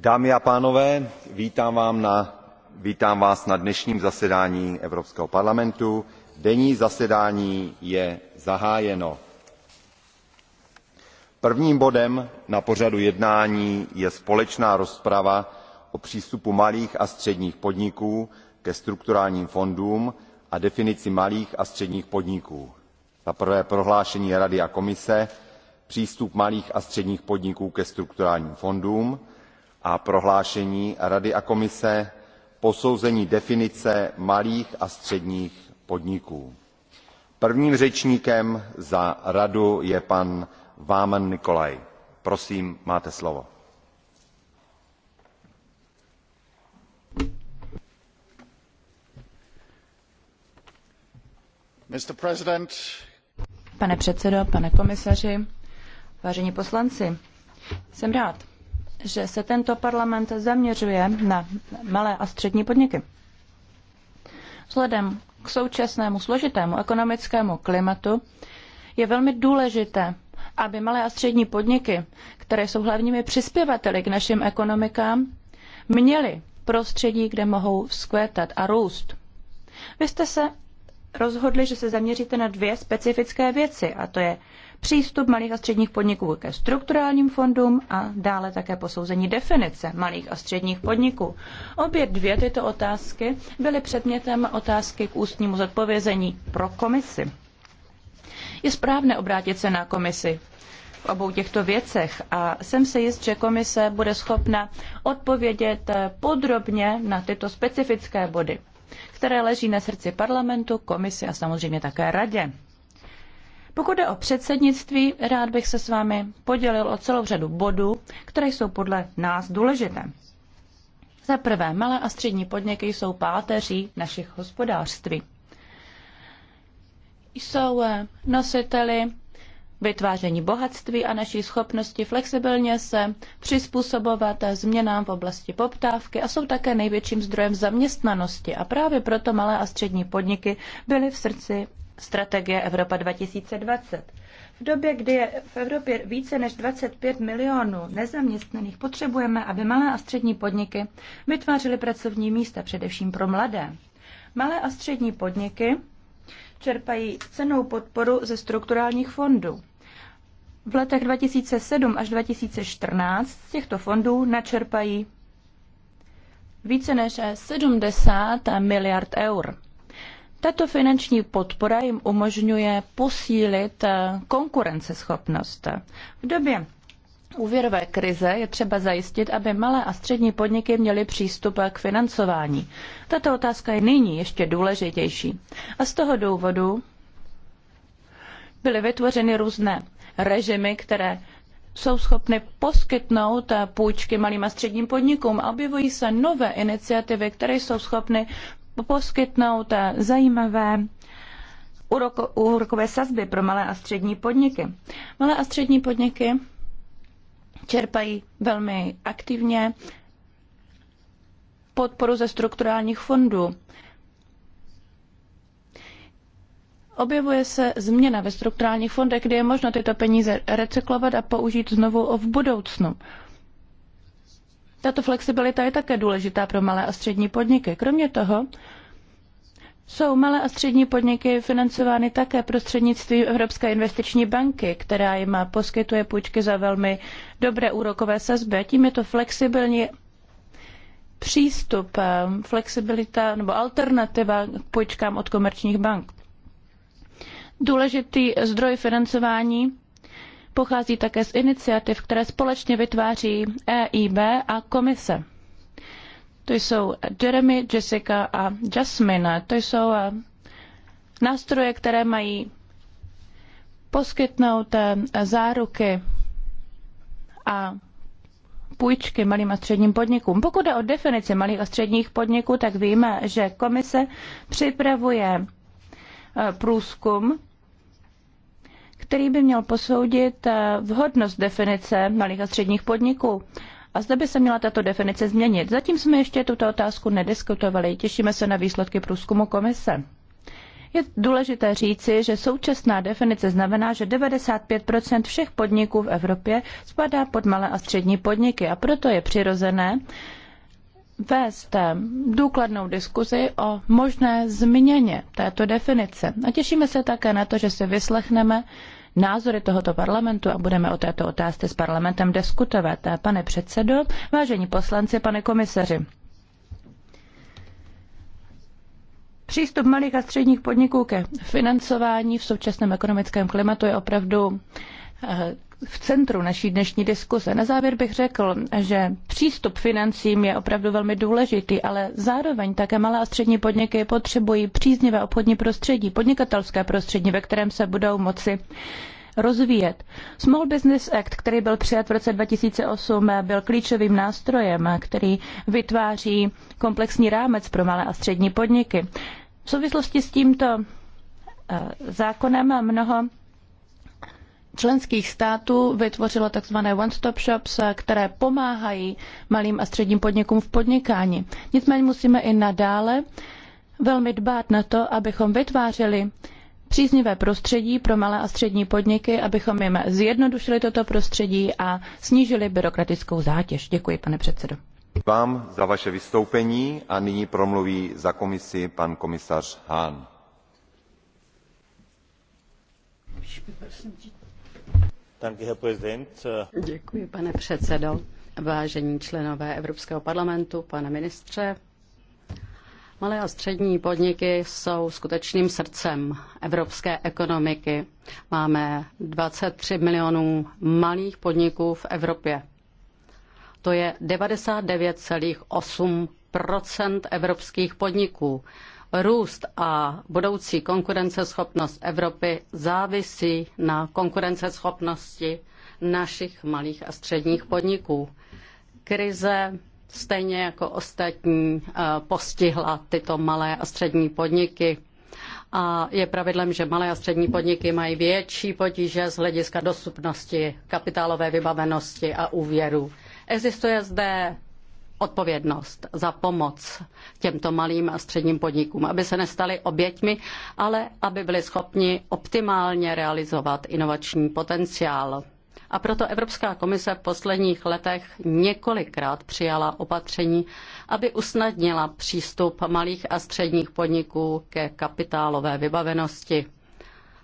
dámy a pánové vítám, vás na dnešním zasedání evropského parlamentu. denní zasedání je zahájeno. prvním bodem na pořadu jednání je společná rozprava o přístupu malých a středních podniků ke strukturálním fondům a definici malých a středních podniků za prvé prohlášení rady a komise přístup malých a středních podniků ke strukturálním fondům a prohlášení Rady a Komise posouzení definice malých a středních podniků. Prvním řečníkem za Radu je pan Vámen Nikolaj. Prosím, máte slovo. Pane předsedo, pane komisaři, vážení poslanci, jsem rád, že se tento parlament zaměřuje na malé a střední podniky. Vzhledem k současnému složitému ekonomickému klimatu je velmi důležité, aby malé a střední podniky, které jsou hlavními přispěvateli k našim ekonomikám, měly prostředí, kde mohou vzkvétat a růst. Vy jste se rozhodli, že se zaměříte na dvě specifické věci, a to je přístup malých a středních podniků ke strukturálním fondům a dále také posouzení definice malých a středních podniků. Obě dvě tyto otázky byly předmětem otázky k ústnímu zodpovězení pro komisi. Je správné obrátit se na komisi v obou těchto věcech a jsem se jist, že komise bude schopna odpovědět podrobně na tyto specifické body, které leží na srdci parlamentu, komisi a samozřejmě také radě. Pokud jde o předsednictví, rád bych se s vámi podělil o celou řadu bodů, které jsou podle nás důležité. Za prvé, malé a střední podniky jsou páteří našich hospodářství. Jsou eh, nositeli vytváření bohatství a naší schopnosti flexibilně se přizpůsobovat změnám v oblasti poptávky a jsou také největším zdrojem zaměstnanosti. A právě proto malé a střední podniky byly v srdci strategie Evropa 2020. V době, kdy je v Evropě více než 25 milionů nezaměstnaných, potřebujeme, aby malé a střední podniky vytvářely pracovní místa, především pro mladé. Malé a střední podniky čerpají cenou podporu ze strukturálních fondů. V letech 2007 až 2014 z těchto fondů načerpají více než 70 miliard eur. Tato finanční podpora jim umožňuje posílit eh, konkurenceschopnost. V době úvěrové krize je třeba zajistit, aby malé a střední podniky měly přístup k financování. Tato otázka je nyní ještě důležitější. A z toho důvodu byly vytvořeny různé režimy, které jsou schopny poskytnout eh, půjčky malým a středním podnikům a objevují se nové iniciativy, které jsou schopny poskytnout eh, zajímavé úroko, úrokové sazby pro malé a střední podniky. Malé a střední podniky čerpají velmi aktivně podporu ze strukturálních fondů. Objevuje se změna ve strukturálních fondech, kde je možno tyto peníze recyklovat a použít znovu v budoucnu. Tato flexibilita je také důležitá pro malé a střední podniky. Kromě toho jsou malé a střední podniky financovány také prostřednictvím Evropské investiční banky, která jim poskytuje půjčky za velmi dobré úrokové sazby. A tím je to flexibilní přístup, flexibilita nebo alternativa k půjčkám od komerčních bank. Důležitý zdroj financování pochází také z iniciativ, které společně vytváří EIB a komise. To jsou Jeremy, Jessica a Jasmine. To jsou eh, nástroje, které mají poskytnout eh, záruky a půjčky malým a středním podnikům. Pokud jde o definici malých a středních podniků, tak víme, že komise připravuje eh, průzkum který by měl posoudit eh, vhodnost definice malých a středních podniků. A zde by se měla tato definice změnit. Zatím jsme ještě tuto otázku nediskutovali. Těšíme se na výsledky průzkumu komise. Je důležité říci, že současná definice znamená, že 95 všech podniků v Evropě spadá pod malé a střední podniky a proto je přirozené vést eh, důkladnou diskuzi o možné změně této definice. A těšíme se také na to, že se vyslechneme názory tohoto parlamentu a budeme o této otázce s parlamentem diskutovat. Pane předsedo, vážení poslanci, pane komisaři. Přístup malých a středních podniků ke financování v současném ekonomickém klimatu je opravdu Eh, v centru naší dnešní diskuse. Na závěr bych řekl, že přístup financím je opravdu velmi důležitý, ale zároveň také malé a střední podniky potřebují příznivé obchodní prostředí, podnikatelské prostředí, ve kterém se budou moci rozvíjet. Small Business Act, který byl přijat v roce 2008, byl klíčovým nástrojem, který vytváří komplexní rámec pro malé a střední podniky. V souvislosti s tímto eh, zákonem mnoho členských států vytvořilo tzv. one-stop shops, které pomáhají malým a středním podnikům v podnikání. Nicméně musíme i nadále velmi dbát na to, abychom vytvářeli příznivé prostředí pro malé a střední podniky, abychom jim zjednodušili toto prostředí a snížili byrokratickou zátěž. Děkuji, pane předsedo. Vám za vaše vystoupení a nyní promluví za komisi pan komisař Hahn. Děkuji, pane předsedající Vážení členové Evropského parlamentu, pane ministře, Malé a střední podniky jsou skutečným srdcem evropské ekonomiky. Máme 23 milionů malých podniků v Evropě. To je 99,8 evropských podniků. Růst a budoucí konkurenceschopnost Evropy závisí na konkurenceschopnosti našich malých a středních podniků. Krize stejně jako ostatní eh, postihla tyto malé a střední podniky. A je pravidlem, že malé a střední podniky mají větší potíže z hlediska dostupnosti, kapitálové vybavenosti a úvěru. Existuje zde odpovědnost za pomoc těmto malým a středním podnikům, aby se nestali oběťmi, ale aby byli schopni optimálně realizovat inovační potenciál. A proto Evropská komise v posledních letech několikrát přijala opatření, aby usnadnila přístup malých a středních podniků ke kapitálové vybavenosti.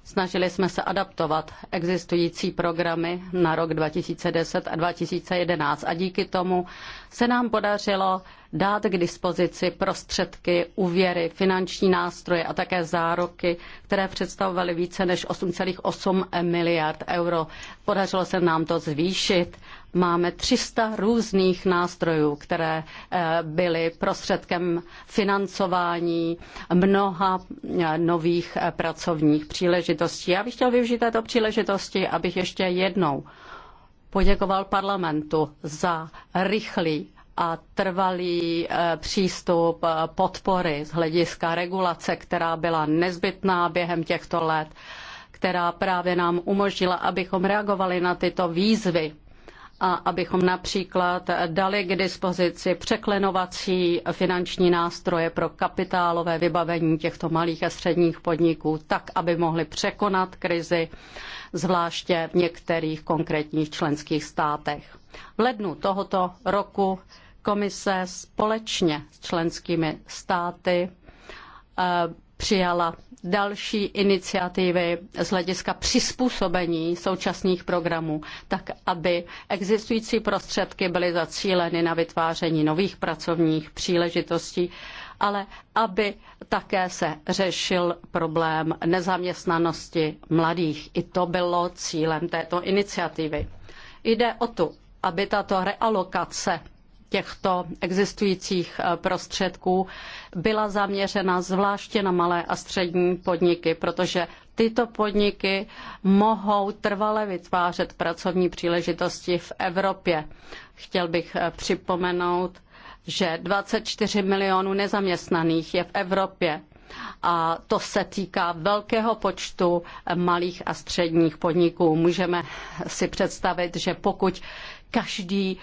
Snažili jsme se adaptovat existující programy na rok 2010 a 2011 a díky tomu se nám podařilo dát k dispozici prostředky, úvěry, finanční nástroje a také zároky, které představovaly více než 8,8 miliard euro. Podařilo se nám to zvýšit. Máme 300 různých nástrojů, které eh, byly prostředkem financování mnoha eh, nových eh, pracovních příležitostí. Já bych chtěl využít této příležitosti, abych ještě jednou poděkoval parlamentu za rychlý a trvalý eh, přístup eh, podpory z hlediska regulace, která byla nezbytná během těchto let, která právě nám umožnila, abychom reagovali na tyto výzvy a abychom například dali k dispozici překlenovací finanční nástroje pro kapitálové vybavení těchto malých a středních podniků, tak, aby mohli překonat krizi zvláště v některých konkrétních členských státech. V lednu tohoto roku komise společně s členskými státy eh, přijala další iniciativy z hlediska přizpůsobení současných programů, tak aby existující prostředky byly zacíleny na vytváření nových pracovních příležitostí ale aby také se řešil problém nezaměstnanosti mladých. I to bylo cílem této iniciativy. Jde o to, aby tato realokace těchto existujících eh, prostředků byla zaměřena zvláště na malé a střední podniky, protože tyto podniky mohou trvale vytvářet pracovní příležitosti v Evropě. Chtěl bych eh, připomenout že 24 milionů nezaměstnaných je v Evropě a to se týká velkého počtu malých a středních podniků. Můžeme si představit, že pokud každý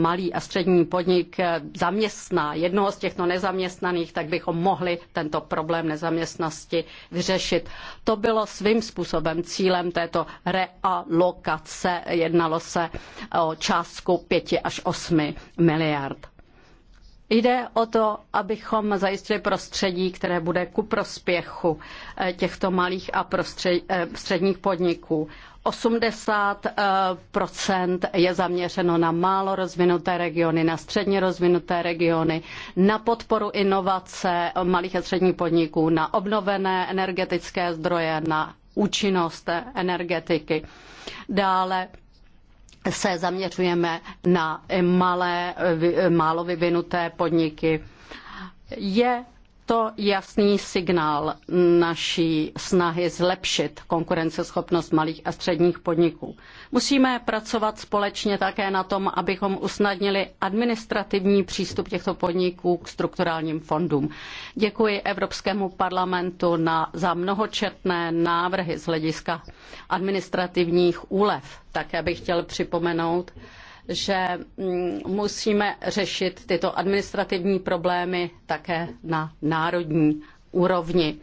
malý a střední podnik zaměstná jednoho z těchto nezaměstnaných, tak bychom mohli tento problém nezaměstnanosti vyřešit. To bylo svým způsobem cílem této realokace. Jednalo se o částku 5 až 8 miliard. Jde o to, abychom zajistili prostředí, které bude ku prospěchu eh, těchto malých a eh, středních podniků. 80 eh, je zaměřeno na málo rozvinuté regiony, na středně rozvinuté regiony, na podporu inovace malých a středních podniků, na obnovené energetické zdroje, na účinnost energetiky. Dále se zaměřujeme na malé, málo vyvinuté podniky. Je to jasný signál naší snahy zlepšit konkurenceschopnost malých a středních podniků. Musíme pracovat společně také na tom, abychom usnadnili administrativní přístup těchto podniků k strukturálním fondům. Děkuji Evropskému parlamentu na, za mnohočetné návrhy z hlediska administrativních úlev. Také bych chtěl připomenout, že mm, musíme řešit tyto administrativní problémy také na národní úrovni.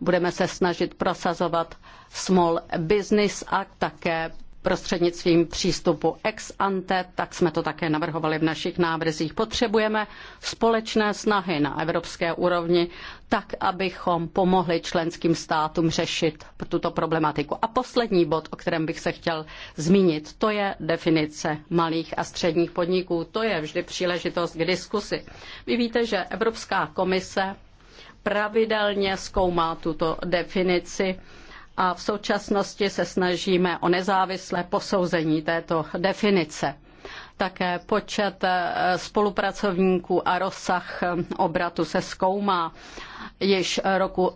Budeme se snažit prosazovat Small Business Act, také prostřednictvím přístupu ex ante, tak jsme to také navrhovali v našich návrzích. Potřebujeme společné snahy na evropské úrovni, tak abychom pomohli členským státům řešit tuto problematiku. A poslední bod, o kterém bych se chtěl zmínit, to je definice malých a středních podniků. To je vždy příležitost k diskusi. Vy víte, že Evropská komise pravidelně zkoumá tuto definici a v současnosti se snažíme o nezávislé posouzení této definice. Také počet eh, spolupracovníků a rozsah eh, obratu se zkoumá již roku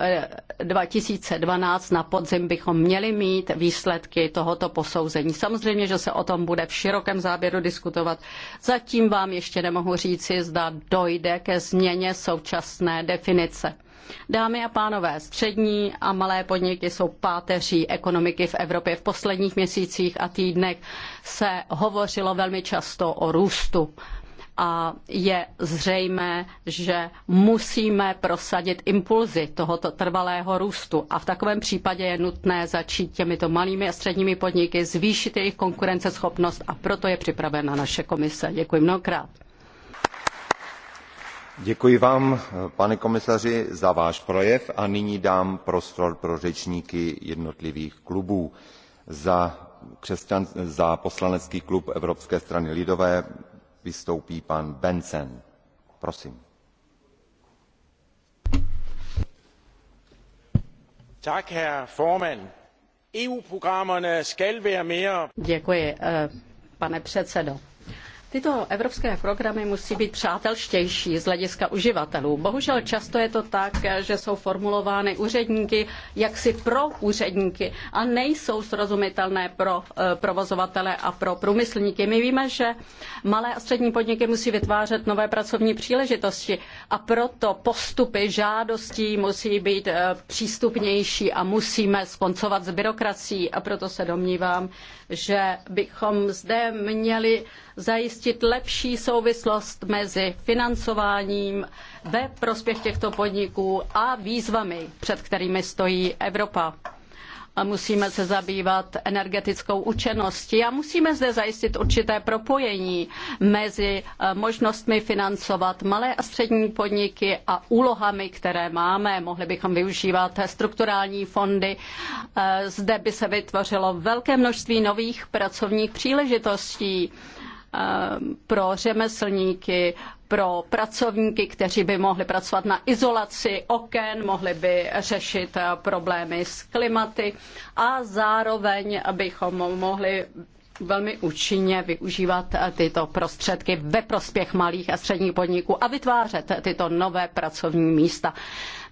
2012 eh, na podzim bychom měli mít výsledky tohoto posouzení. Samozřejmě, že se o tom bude v širokém záběru diskutovat. Zatím vám ještě nemohu říci, zda dojde ke změně současné definice. Dámy a pánové, střední a malé podniky jsou páteří ekonomiky v Evropě. V posledních měsících a týdnech se hovořilo velmi často o růstu a je zřejmé, že musíme prosadit impulzy tohoto trvalého růstu a v takovém případě je nutné začít těmito malými a středními podniky, zvýšit jejich konkurenceschopnost a proto je připravena naše komise. Děkuji mnohokrát. Děkuji vám, pane komisaři, za váš projev a nyní dám prostor pro řečníky jednotlivých klubů. Za, křesťan, za poslanecký klub Evropské strany lidové vystoupí pan bendtsen. Prosím. Tak, herr Forman. EU-programerne skal være mere... Děkuji, eh, pane předsedo Tyto evropské programy musí být přátelštější z hlediska uživatelů. Bohužel často je to tak, že jsou formulovány úředníky jaksi pro úředníky a nejsou srozumitelné pro eh, provozovatele a pro průmyslníky. My víme, že malé a střední podniky musí vytvářet nové pracovní příležitosti a proto postupy žádostí musí být eh, přístupnější a musíme skoncovat s byrokracií a proto se domnívám, že bychom zde měli zajistit zajistit lepší souvislost mezi financováním ve prospěch těchto podniků a výzvami, před kterými stojí Evropa. A musíme se zabývat energetickou účinností a musíme zde zajistit určité propojení mezi eh, možnostmi financovat malé a střední podniky a úlohami, které máme. Mohli bychom využívat strukturální fondy. Eh, zde by se vytvořilo velké množství nových pracovních příležitostí. Ehm, pro řemeslníky, pro pracovníky, kteří by mohli pracovat na izolaci oken, mohli by řešit eh, problémy s klimaty a zároveň bychom mohli velmi účinně využívat tyto prostředky ve prospěch malých a středních podniků a vytvářet tyto nové pracovní místa.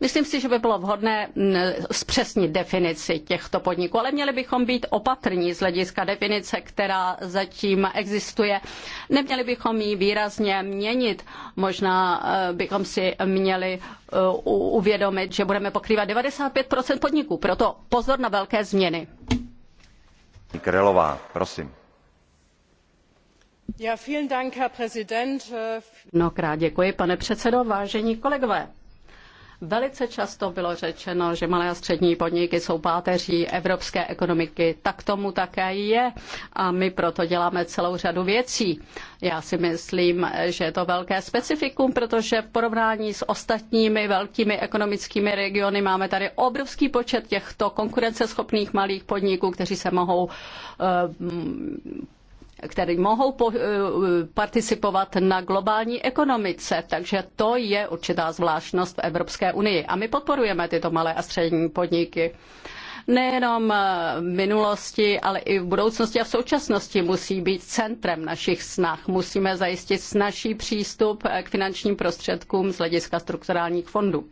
Myslím si, že by bylo vhodné mm, zpřesnit definici těchto podniků, ale měli bychom být opatrní z hlediska definice, která zatím existuje. Neměli bychom ji výrazně měnit. Možná eh, bychom si měli eh, uvědomit, že budeme pokrývat 95 podniků. Proto pozor na velké změny. Krylová, prosím. Äh, pane předsedající, kolegové. Velice často bylo řečeno, že malé a střední podniky jsou páteří evropské ekonomiky. Tak tomu také je a my proto děláme celou řadu věcí. Já si myslím, že je to velké specifikum, protože v porovnání s ostatními velkými ekonomickými regiony máme tady obrovský počet těchto konkurenceschopných malých podniků, které se mohou uh, které mohou po, eh, participovat na globální ekonomice. Takže to je určitá zvláštnost v Evropské unii. A my podporujeme tyto malé a střední podniky nejenom eh, v minulosti, ale i v budoucnosti a v současnosti musí být centrem našich snah. Musíme zajistit snažší přístup eh, k finančním prostředkům z hlediska strukturálních fondů.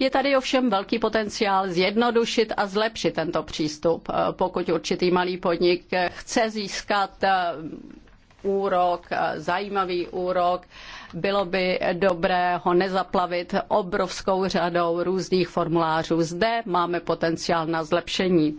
Je tady ovšem velký potenciál zjednodušit a zlepšit tento přístup. Eh, pokud určitý malý podnik eh, chce získat eh, úrok, zajímavý úrok. Bylo by dobré ho nezaplavit obrovskou řadou různých formulářů. Zde máme potenciál na zlepšení.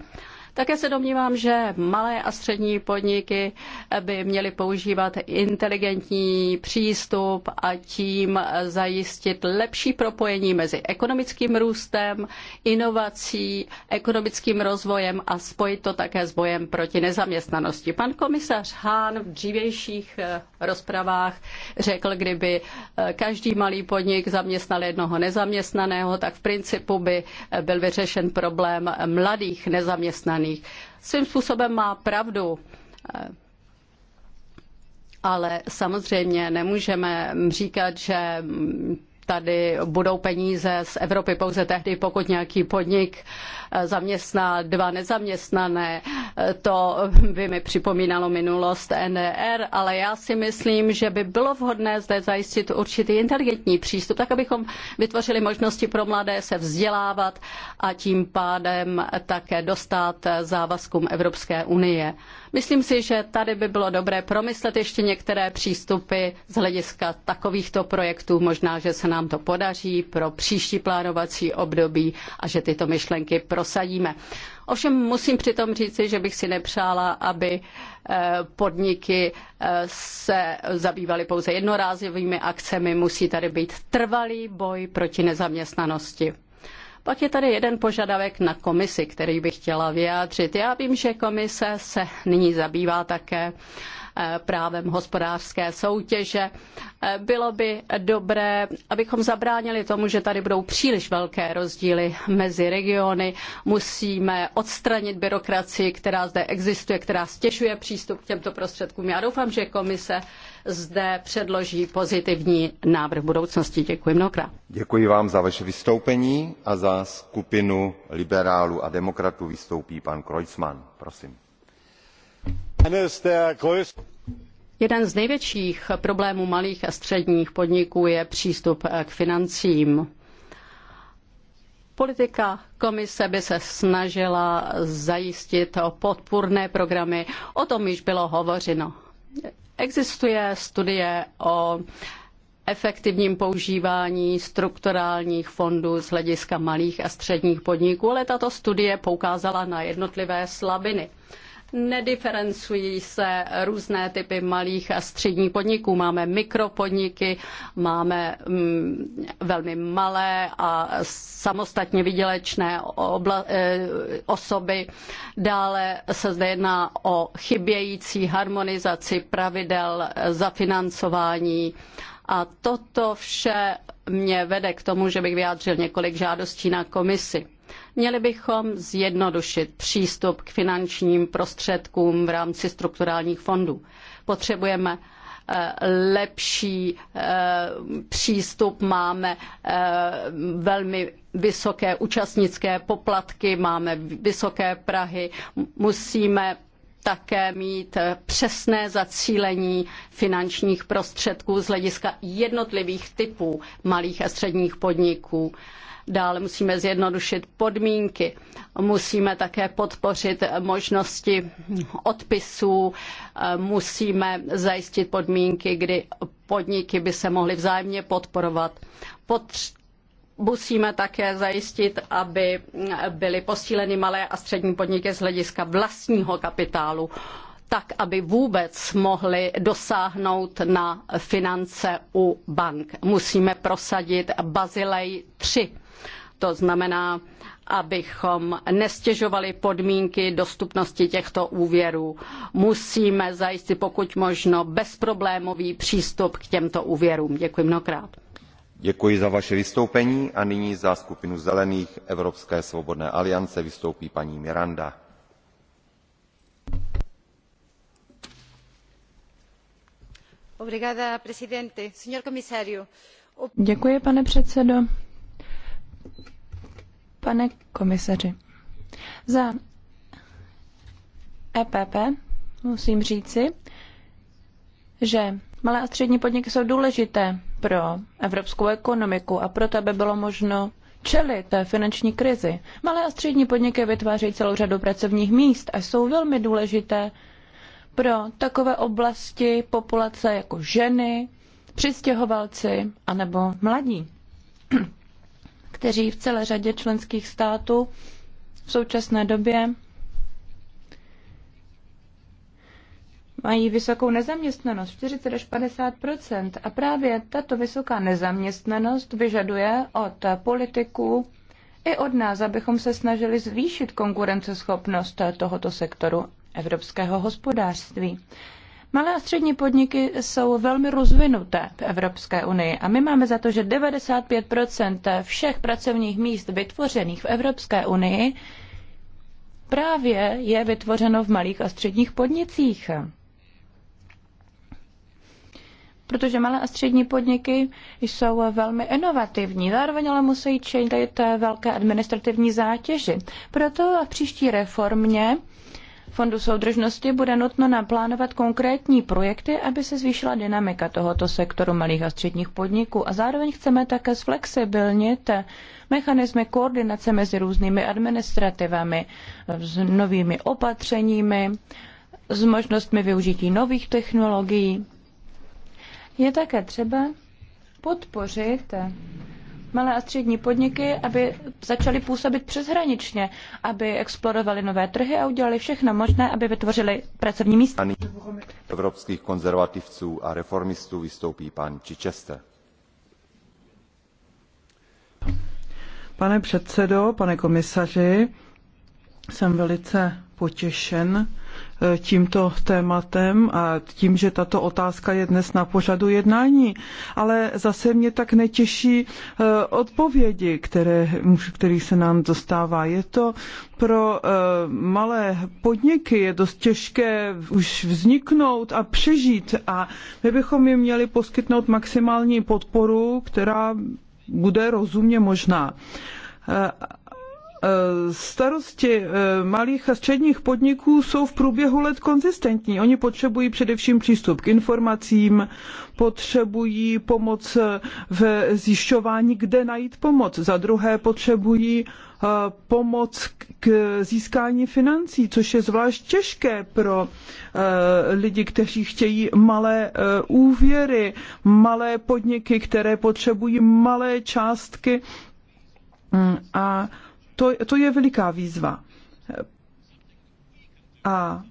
Také se domnívám, že malé a střední podniky by měly používat inteligentní přístup a tím zajistit lepší propojení mezi ekonomickým růstem, inovací, ekonomickým rozvojem a spojit to také s bojem proti nezaměstnanosti. Pan komisař Hahn v dřívějších eh, rozpravách řekl, kdyby eh, každý malý podnik zaměstnal jednoho nezaměstnaného, tak v principu by eh, byl vyřešen problém mladých nezaměstnaných zemích. Svým způsobem má pravdu. Ale samozřejmě nemůžeme říkat, že tady budou peníze z Evropy pouze tehdy, pokud nějaký podnik zaměstná dva nezaměstnané. To by mi připomínalo minulost NDR, ale já si myslím, že by bylo vhodné zde zajistit určitý inteligentní přístup, tak abychom vytvořili možnosti pro mladé se vzdělávat a tím pádem také dostat závazkům Evropské unie. Myslím si, že tady by bylo dobré promyslet ještě některé přístupy z hlediska takovýchto projektů. Možná, že se nám to podaří pro příští plánovací období a že tyto myšlenky prosadíme. Ovšem musím přitom říci, že bych si nepřála, aby eh, podniky eh, se zabývaly pouze jednorázovými akcemi. Musí tady být trvalý boj proti nezaměstnanosti. Pak je tady jeden požadavek na komisi, který bych chtěla vyjádřit. Já vím, že komise se nyní zabývá také Eh, právem hospodářské soutěže. Eh, bylo by dobré, abychom zabránili tomu, že tady budou příliš velké rozdíly mezi regiony. Musíme odstranit byrokracii, která zde existuje, která stěžuje přístup k těmto prostředkům. Já doufám, že komise zde předloží pozitivní návrh budoucnosti. Děkuji mnohokrát. Děkuji vám za vaše vystoupení a za skupinu liberálů a demokratů vystoupí pan Kreuzmann. Prosím. Jeden z největších problémů malých a středních podniků je přístup eh, k financím. Politika komise by se snažila zajistit podpůrné programy, o tom již bylo hovořeno. Existuje studie o efektivním používání strukturálních fondů z hlediska malých a středních podniků, ale tato studie poukázala na jednotlivé slabiny. Nediferencují se různé typy malých a středních podniků. Máme mikropodniky, máme mm, velmi malé a samostatně vydělečné eh, osoby. Dále se zde jedná o chybějící harmonizaci pravidel za financování. A toto vše mě vede k tomu, že bych vyjádřil několik žádostí na komisi. Měli bychom zjednodušit přístup k finančním prostředkům v rámci strukturálních fondů. Potřebujeme eh, lepší eh, přístup, máme eh, velmi vysoké účastnické poplatky, máme vysoké Prahy, musíme také mít přesné zacílení finančních prostředků z hlediska jednotlivých typů malých a středních podniků. Dále musíme zjednodušit podmínky, musíme také podpořit možnosti odpisů, musíme zajistit podmínky, kdy podniky by se mohly vzájemně podporovat. Potř- musíme také zajistit, aby byly posíleny malé a střední podniky z hlediska vlastního kapitálu tak, aby vůbec mohli dosáhnout na finance u bank. Musíme prosadit Bazilej 3 to znamená, abychom nestěžovali podmínky dostupnosti těchto úvěrů. Musíme zajistit pokud možno bezproblémový přístup k těmto úvěrům. Děkuji mnohokrát. Děkuji za vaše vystoupení a nyní za skupinu Zelených Evropské svobodné aliance vystoupí paní Miranda. Děkuji, pane předsedo Pane komisaři, za EPP musím říci, že malé a střední podniky jsou důležité pro evropskou ekonomiku a proto, aby bylo možno čelit té finanční krizi. Malé a střední podniky vytvářejí celou řadu pracovních míst a jsou velmi důležité pro takové oblasti populace jako ženy, přistěhovalci anebo mladí kteří v celé řadě členských států v současné době mají vysokou nezaměstnanost, 40 až 50 A právě tato vysoká nezaměstnanost vyžaduje od politiků i od nás, abychom se snažili zvýšit konkurenceschopnost tohoto sektoru evropského hospodářství. Malé a střední podniky jsou velmi rozvinuté v Evropské unii a my máme za to, že 95 všech pracovních míst vytvořených v Evropské unii právě je vytvořeno v malých a středních podnicích. Protože malé a střední podniky jsou velmi inovativní, zároveň ale musí čelit velké administrativní zátěži. Proto v příští reformě Fondu soudržnosti bude nutno naplánovat konkrétní projekty, aby se zvýšila dynamika tohoto sektoru malých a středních podniků a zároveň chceme také zflexibilnit mechanismy koordinace mezi různými administrativami, s novými opatřeními, s možnostmi využití nových technologií. Je také třeba podpořit malé a střední podniky, aby začaly působit přeshraničně, aby explorovali nové trhy a udělali všechno možné, aby vytvořili pracovní místa. Evropských konzervativců a reformistů vystoupí pan Čičeste. Pane předsedo, pane komisaři, jsem velice potěšen, tímto tématem a tím, že tato otázka je dnes na pořadu jednání. Ale zase mě tak netěší eh, odpovědi, které, který se nám dostává. Je to pro eh, malé podniky, je dost těžké už vzniknout a přežít a my bychom jim měli poskytnout maximální podporu, která bude rozumně možná eh, Eh, starosti eh, malých a středních podniků jsou v průběhu let konzistentní. Oni potřebují především přístup k informacím, potřebují pomoc eh, v zjišťování, kde najít pomoc. Za druhé potřebují pomoc k získání financí, což je zvlášť těžké pro lidi, kteří chtějí malé úvěry, malé podniky, které potřebují malé částky mm, a to, to je veliká výzva. A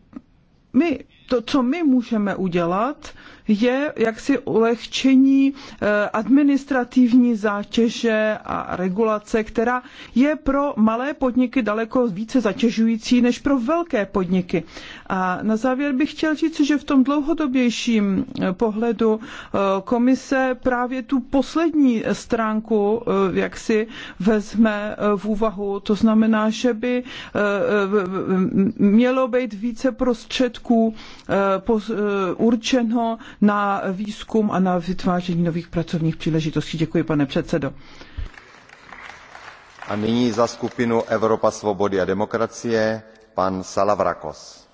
my, to, co my můžeme udělat, je jaksi ulehčení eh, administrativní zátěže a regulace, která je pro malé podniky daleko více zatěžující než pro velké podniky. A na závěr bych chtěl říct, že v tom dlouhodobějším eh, pohledu eh, komise právě tu poslední stránku eh, jak si vezme v úvahu. To znamená, že by mělo být více prostředků určeno na výzkum a na vytváření nových pracovních příležitostí. Děkuji, pane předsedo. A nyní za skupinu Evropa svobody a demokracie pan Salavrakos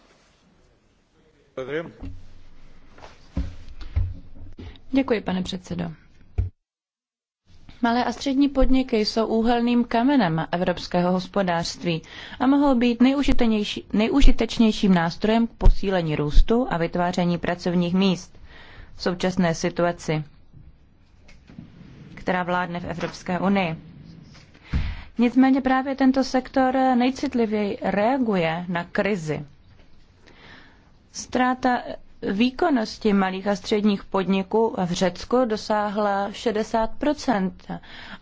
Děkuji, pane předsedo. Malé a střední podniky jsou úhelným kamenem evropského hospodářství a mohou být nejužitečnějším nástrojem k posílení růstu a vytváření pracovních míst v současné situaci, která vládne v Evropské unii. Nicméně právě tento sektor nejcitlivěji reaguje na krizi. Ztráta výkonnosti malých a středních podniků v Řecku dosáhla 60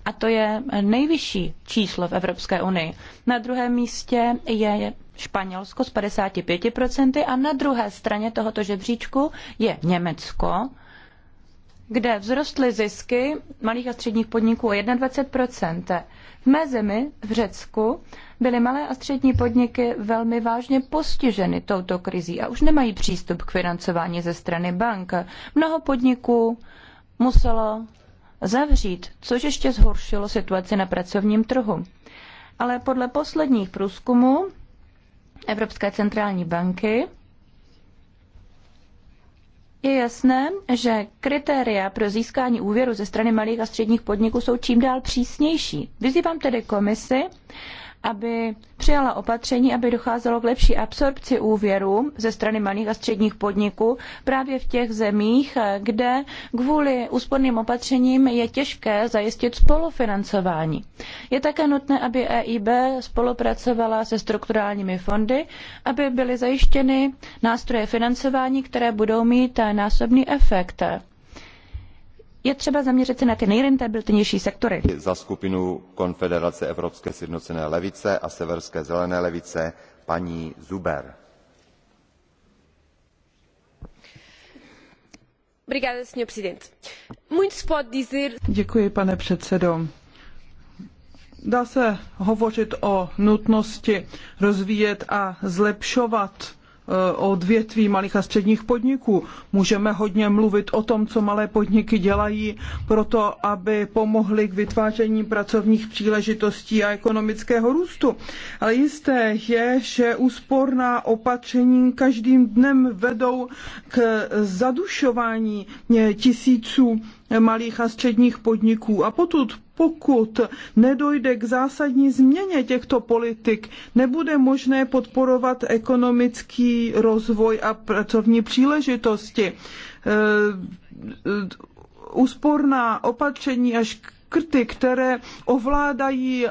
a to je nejvyšší číslo v Evropské unii. Na druhém místě je Španělsko s 55 a na druhé straně tohoto žebříčku je Německo, kde vzrostly zisky malých a středních podniků o 21 v mé zemi, v Řecku, byly malé a střední podniky velmi vážně postiženy touto krizí a už nemají přístup k financování ze strany bank. Mnoho podniků muselo zavřít, což ještě zhoršilo situaci na pracovním trhu. Ale podle posledních průzkumů Evropské centrální banky je jasné, že kritéria pro získání úvěru ze strany malých a středních podniků jsou čím dál přísnější. Vyzývám tedy komisi, aby přijala opatření, aby docházelo k lepší absorpci úvěrů ze strany malých a středních podniků právě v těch zemích, kde kvůli úsporným opatřením je těžké zajistit spolufinancování. Je také nutné, aby EIB spolupracovala se strukturálními fondy, aby byly zajištěny nástroje financování, které budou mít násobný efekt je třeba zaměřit se na ty nejrentabilnější sektory. Za skupinu Konfederace Evropské sjednocené levice a Severské zelené levice paní Zuber. Děkuji, pane předsedo. Dá se hovořit o nutnosti rozvíjet a zlepšovat Eh, odvětví malých a středních podniků. Můžeme hodně mluvit o tom, co malé podniky dělají pro to, aby pomohly k vytváření pracovních příležitostí a ekonomického růstu. Ale jisté je, že úsporná opatření každým dnem vedou k zadušování tisíců malých a středních podniků. A potud, pokud nedojde k zásadní změně těchto politik, nebude možné podporovat ekonomický rozvoj a pracovní příležitosti. E, e, úsporná opatření až škrty, které ovládají eh,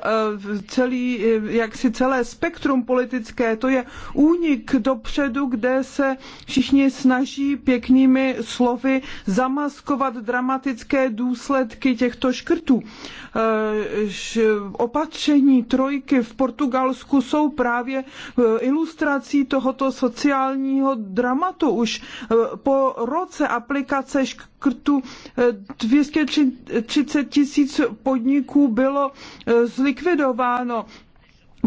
celý, eh, jaksi celé spektrum politické, to je únik dopředu, kde se všichni snaží pěknými slovy zamaskovat dramatické důsledky těchto škrtů. Eh, opatření trojky v Portugalsku jsou právě ilustrací tohoto sociálního dramatu. Už po roce aplikace škrtů škrtu 230 eh, tisíc podniků bylo eh, zlikvidováno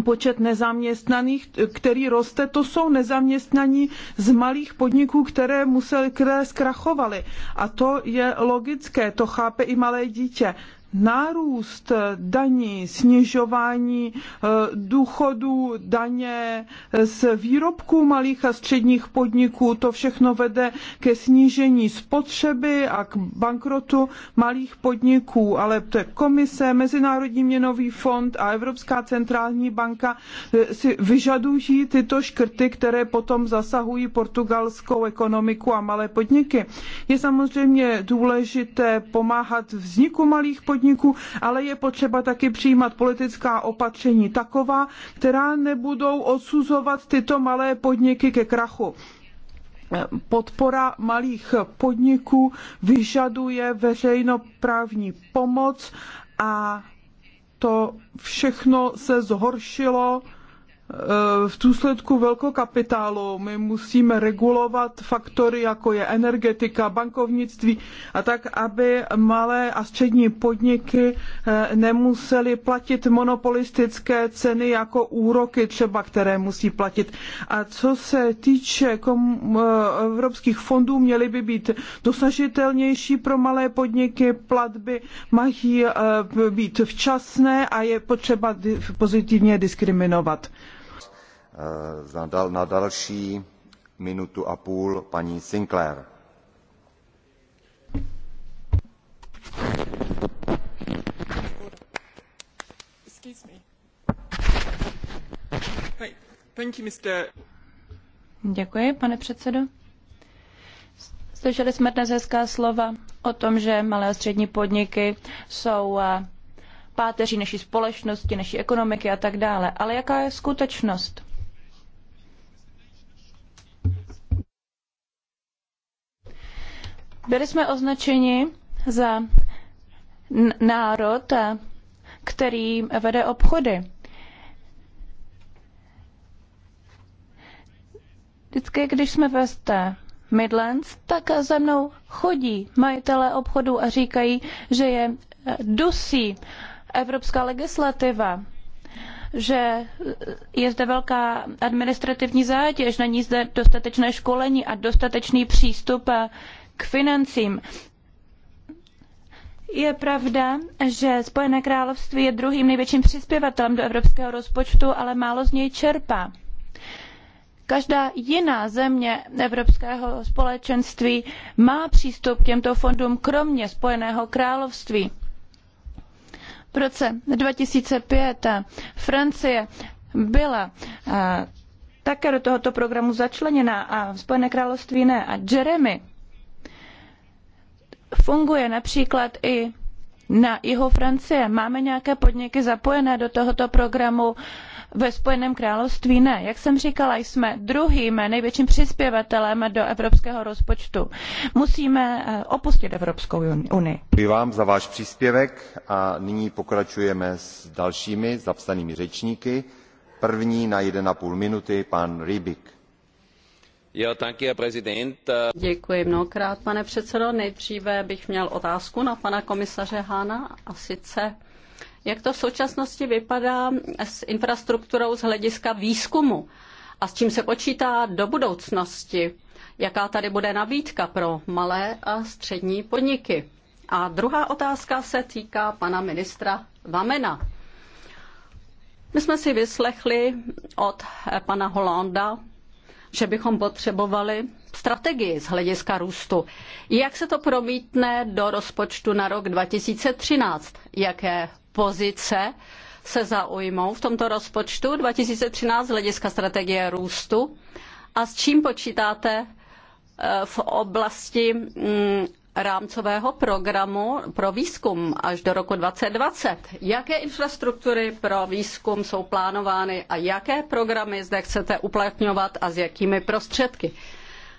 počet nezaměstnaných, který roste, to jsou nezaměstnaní z malých podniků, které museli, které zkrachovaly. A to je logické, to chápe i malé dítě nárůst daní, snižování eh, důchodů, daně z výrobků malých a středních podniků, to všechno vede ke snížení spotřeby a k bankrotu malých podniků, ale to je komise, Mezinárodní měnový fond a Evropská centrální banka eh, si vyžadují tyto škrty, které potom zasahují portugalskou ekonomiku a malé podniky. Je samozřejmě důležité pomáhat vzniku malých podniků, podniků, ale je potřeba taky přijímat politická opatření taková, která nebudou osuzovat tyto malé podniky ke krachu podpora malých podniků vyžaduje veřejnoprávní pomoc a to všechno se zhoršilo Eh, v důsledku kapitálu. my musíme regulovat faktory, jako je energetika, bankovnictví a tak, aby malé a střední podniky eh, nemusely platit monopolistické ceny jako úroky třeba, které musí platit. A co se týče eh, evropských fondů, měly by být dosažitelnější pro malé podniky, platby mají být včasné a je potřeba pozitivně diskriminovat. Eh, na další minutu a půl paní sinclaire. Děkuji, pane předsedo. Slyšeli jsme dnes hezká slova o tom, že malé a střední podniky jsou eh, páteří naší společnosti, naší ekonomiky a tak dále. Ale jaká je skutečnost? Byli jsme označeni za národ, eh, který vede obchody. Vždycky, když jsme ve Midlands, tak za mnou chodí majitelé obchodů a říkají, že je eh, dusí evropská legislativa, že eh, je zde velká administrativní zátěž, není zde dostatečné školení a dostatečný přístup k financím. Je pravda, že Spojené království je druhým největším přispěvatelem do evropského rozpočtu, ale málo z něj čerpá. Každá jiná země Evropského společenství má přístup k těmto fondům, kromě Spojeného království. V roce 2005 Francie byla eh, také do tohoto programu začleněna a Spojené království ne. A Jeremy funguje například i na jihu Francie? Máme nějaké podniky zapojené do tohoto programu ve Spojeném království? Ne. Jak jsem říkala, jsme druhým největším přispěvatelem do evropského rozpočtu. Musíme eh, opustit Evropskou unii. Děkuji vám za váš příspěvek a nyní pokračujeme s dalšími zapsanými řečníky. První na půl minuty pan rbig. Äh, Děkuji mnohokrát, pane předsedo. Nejdříve bych měl otázku na pana komisaře Hána a sice, jak to v současnosti vypadá s infrastrukturou z hlediska výzkumu a s čím se počítá do budoucnosti, jaká tady bude nabídka pro malé a střední podniky. A druhá otázka se týká pana ministra Vamena. My jsme si vyslechli od pana Holanda že bychom potřebovali strategii z hlediska růstu. Jak se to promítne do rozpočtu na rok 2013? Jaké pozice se zaujmou v tomto rozpočtu 2013 z hlediska strategie růstu? A s čím počítáte eh, v oblasti mm, rámcového programu pro výzkum až do roku 2020. Jaké infrastruktury pro výzkum jsou plánovány a jaké programy zde chcete uplatňovat a s jakými prostředky?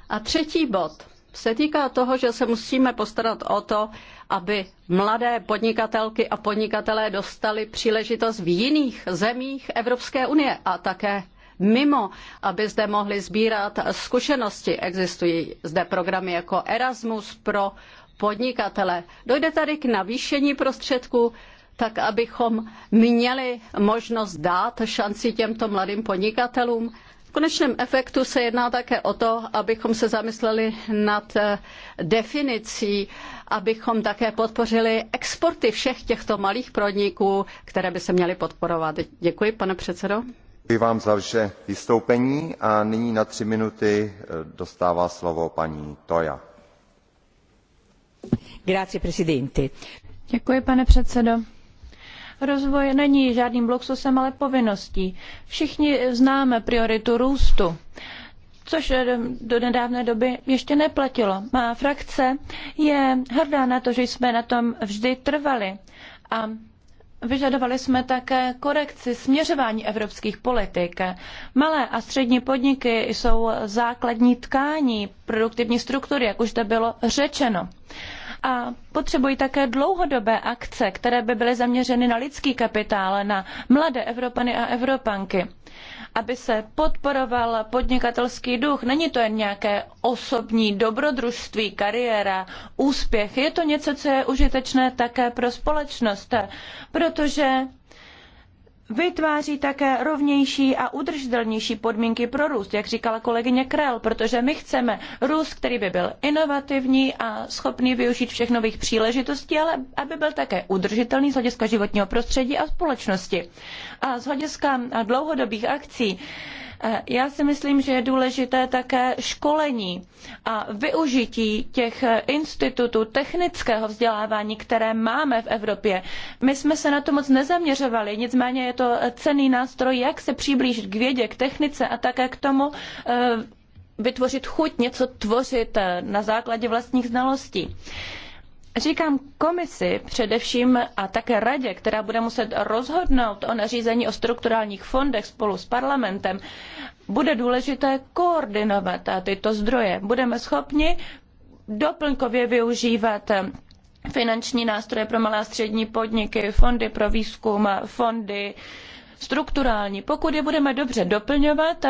A třetí bod se týká toho, že se musíme postarat o to, aby mladé podnikatelky a podnikatelé dostali příležitost v jiných zemích Evropské unie a také mimo, aby zde mohli sbírat zkušenosti. Existují zde programy jako Erasmus pro podnikatele. Dojde tady k navýšení prostředků, tak abychom měli možnost dát šanci těmto mladým podnikatelům. V konečném efektu se jedná také o to, abychom se zamysleli nad eh, definicí, abychom také podpořili exporty všech těchto malých podniků, které by se měly podporovat. Děkuji, pane předsedo. Děkuji vám za vaše vystoupení a nyní na tři minuty eh, dostává slovo paní Toja. Děkuji, pane předsedající Rozvoj není žádným luxusem, ale povinností. Všichni známe prioritu růstu což eh, do nedávné doby ještě neplatilo. Má frakce je hrdá na to, že jsme na tom vždy trvali. A Vyžadovali jsme také korekci směřování evropských politik. Malé a střední podniky jsou základní tkání produktivní struktury, jak už to bylo řečeno. A potřebují také dlouhodobé akce, které by byly zaměřeny na lidský kapitál, na mladé Evropany a Evropanky aby se podporoval podnikatelský duch. Není to jen nějaké osobní dobrodružství, kariéra, úspěch. Je to něco, co je užitečné také pro společnost, protože vytváří také rovnější a udržitelnější podmínky pro růst, jak říkala kolegyně Krell, protože my chceme růst, který by byl inovativní a schopný využít všech nových příležitostí, ale aby byl také udržitelný z hlediska životního prostředí a společnosti. A z hlediska dlouhodobých akcí Eh, já si myslím, že je důležité také školení a využití těch eh, institutů technického vzdělávání, které máme v Evropě. My jsme se na to moc nezaměřovali, nicméně je to eh, cený nástroj, jak se přiblížit k vědě, k technice a také k tomu vytvořit chuť něco tvořit na základě vlastních znalostí. Říkám komisi především a také radě, která bude muset rozhodnout o nařízení o strukturálních fondech spolu s parlamentem, bude důležité koordinovat tyto zdroje. Budeme schopni doplňkově využívat finanční nástroje pro malé a střední podniky, fondy pro výzkum, fondy strukturální. Pokud je budeme dobře doplňovat,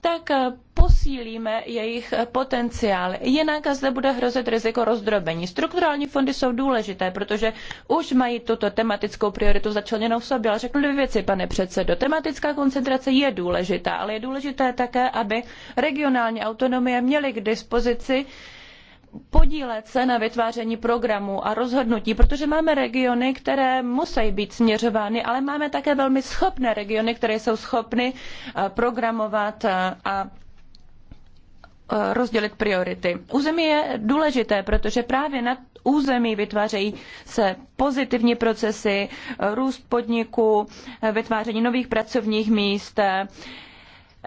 tak posílíme jejich potenciál. Jinak zde bude hrozit riziko rozdrobení. Strukturální fondy jsou důležité, protože už mají tuto tematickou prioritu začleněnou v sobě. Ale řeknu dvě věci, pane předsedo. Tematická koncentrace je důležitá, ale je důležité také, aby regionální autonomie měly k dispozici podílet se na vytváření programů a rozhodnutí, protože máme regiony, které musí být směřovány, ale máme také velmi schopné regiony, které jsou schopny eh, programovat eh, a eh, rozdělit priority. Území je důležité, protože právě na území vytvářejí se pozitivní procesy, růst podniků, vytváření nových pracovních míst,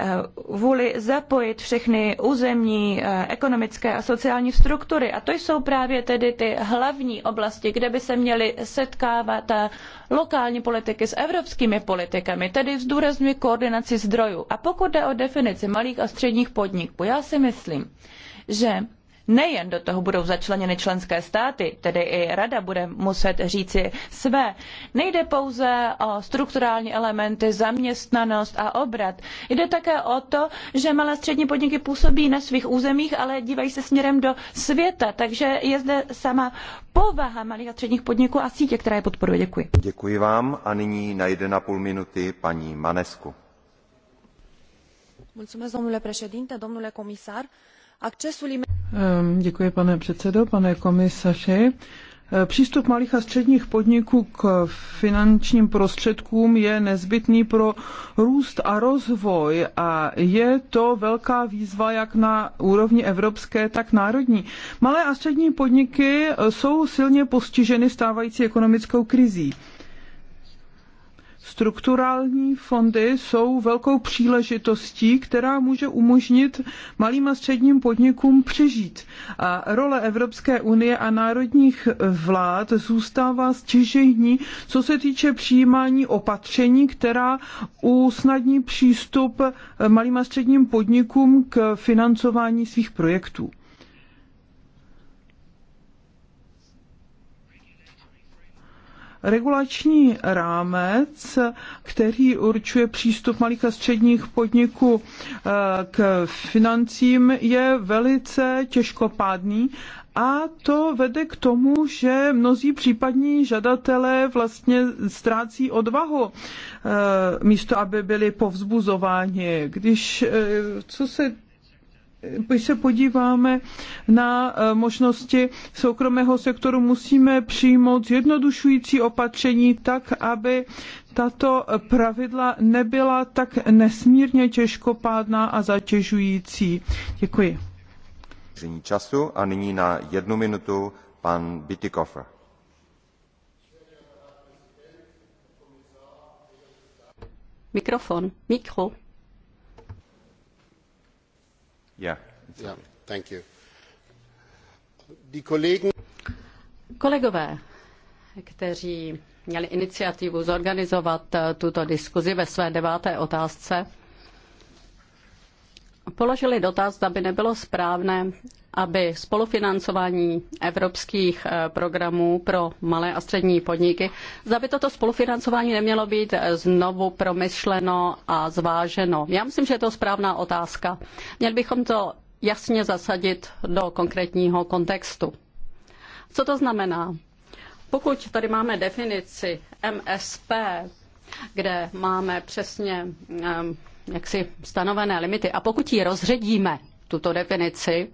Eh, vůli zapojit všechny územní, eh, ekonomické a sociální struktury. A to jsou právě tedy ty hlavní oblasti, kde by se měly setkávat eh, lokální politiky s evropskými politikami, tedy zdůrazňuji koordinaci zdrojů. A pokud jde o definici malých a středních podniků, já si myslím, že Nejen do toho budou začleněny členské státy, tedy i Rada bude muset říci své. Nejde pouze o strukturální elementy, zaměstnanost a obrat. Jde také o to, že malé střední podniky působí na svých územích, ale dívají se směrem do světa, takže je zde sama povaha malých a středních podniků a sítě, která je podporuje. Děkuji. Děkuji vám a nyní na 1,5 minuty paní Manesku. Mulțumesc, domnule președinte, domnule comisar Ehm, děkuji, pane předsedo, pane komisaři. Ehm, přístup malých a středních podniků k finančním prostředkům je nezbytný pro růst a rozvoj a je to velká výzva jak na úrovni evropské, tak národní. Malé a střední podniky ehm, jsou silně postiženy stávající ekonomickou krizí. Strukturální fondy jsou velkou příležitostí, která může umožnit malým a středním podnikům přežít. A role Evropské unie a národních vlád zůstává stěžejní, co se týče přijímání opatření, která usnadní přístup malým a středním podnikům k financování svých projektů. regulační rámec, který určuje přístup malých a středních podniků eh, k financím, je velice těžkopádný a to vede k tomu, že mnozí případní žadatelé vlastně ztrácí odvahu, eh, místo aby byli povzbuzováni. Když, eh, co se když se podíváme na e, možnosti soukromého sektoru, musíme přijmout zjednodušující opatření tak, aby tato pravidla nebyla tak nesmírně těžkopádná a zatěžující. Děkuji. času a nyní na jednu minutu pan Bitikofer. Mikrofon, mikro. Kolegové, kteří měli iniciativu zorganizovat eh, tuto diskusi ve své deváté otázce, položili dotaz, zda by nebylo správné aby spolufinancování evropských eh, programů pro malé a střední podniky, zda by toto spolufinancování nemělo být eh, znovu promyšleno a zváženo. Já myslím, že je to správná otázka. Měli bychom to jasně zasadit do konkrétního kontextu. Co to znamená? Pokud tady máme definici MSP, kde máme přesně eh, jaksi stanovené limity, a pokud ji rozředíme, tuto definici,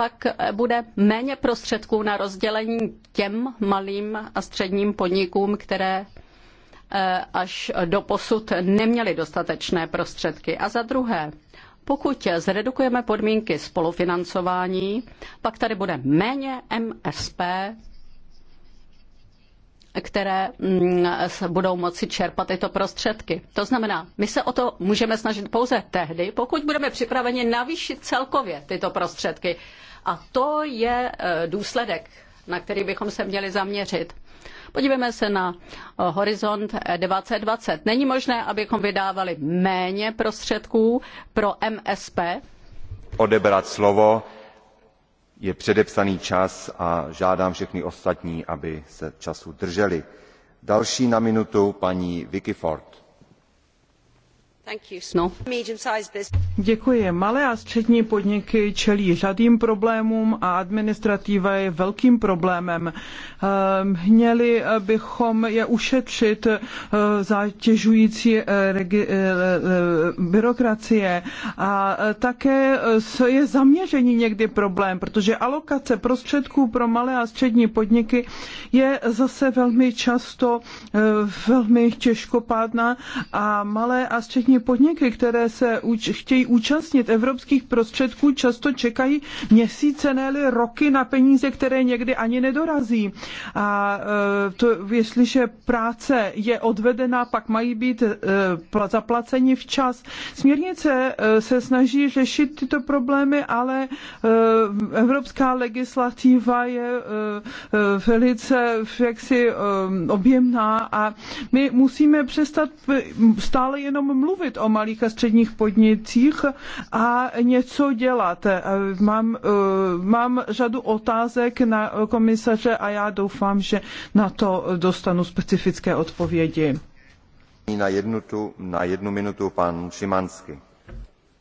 pak bude méně prostředků na rozdělení těm malým a středním podnikům, které eh, až do posud neměly dostatečné prostředky. A za druhé, pokud zredukujeme podmínky spolufinancování, pak tady bude méně MSP, které mm, budou moci čerpat tyto prostředky. To znamená, my se o to můžeme snažit pouze tehdy, pokud budeme připraveni navýšit celkově tyto prostředky. A to je eh, důsledek, na který bychom se měli zaměřit. Podívejme se na eh, horizont 2020. Eh, Není možné, abychom vydávali méně prostředků pro MSP. Odebrat slovo je předepsaný čas a žádám všechny ostatní, aby se času drželi. Další na minutu paní Vicky Ford Děkuji. Malé a střední podniky čelí řadým problémům a administrativa je velkým problémem. Ehm, měli bychom je ušetřit eh, zátěžující eh, eh, byrokracie a také je zaměření někdy problém, protože alokace prostředků pro malé a střední podniky je zase velmi často velmi těžkopádná a malé a střední podniky, které se uč- chtějí účastnit evropských prostředků, často čekají měsíce, ne roky na peníze, které někdy ani nedorazí. A e, to, jestliže práce je odvedena, pak mají být e, zaplaceni včas. Směrnice e, se snaží řešit tyto problémy, ale evropská legislativa je velice jaksi objemná a my musíme přestat stále jenom mluvit mluvit o malých a středních podnicích a něco dělat. Mám, eh, mám řadu otázek na komisaře a já doufám, že na to dostanu specifické odpovědi. Na jednu, tu, na jednu minutu pan Šimanský.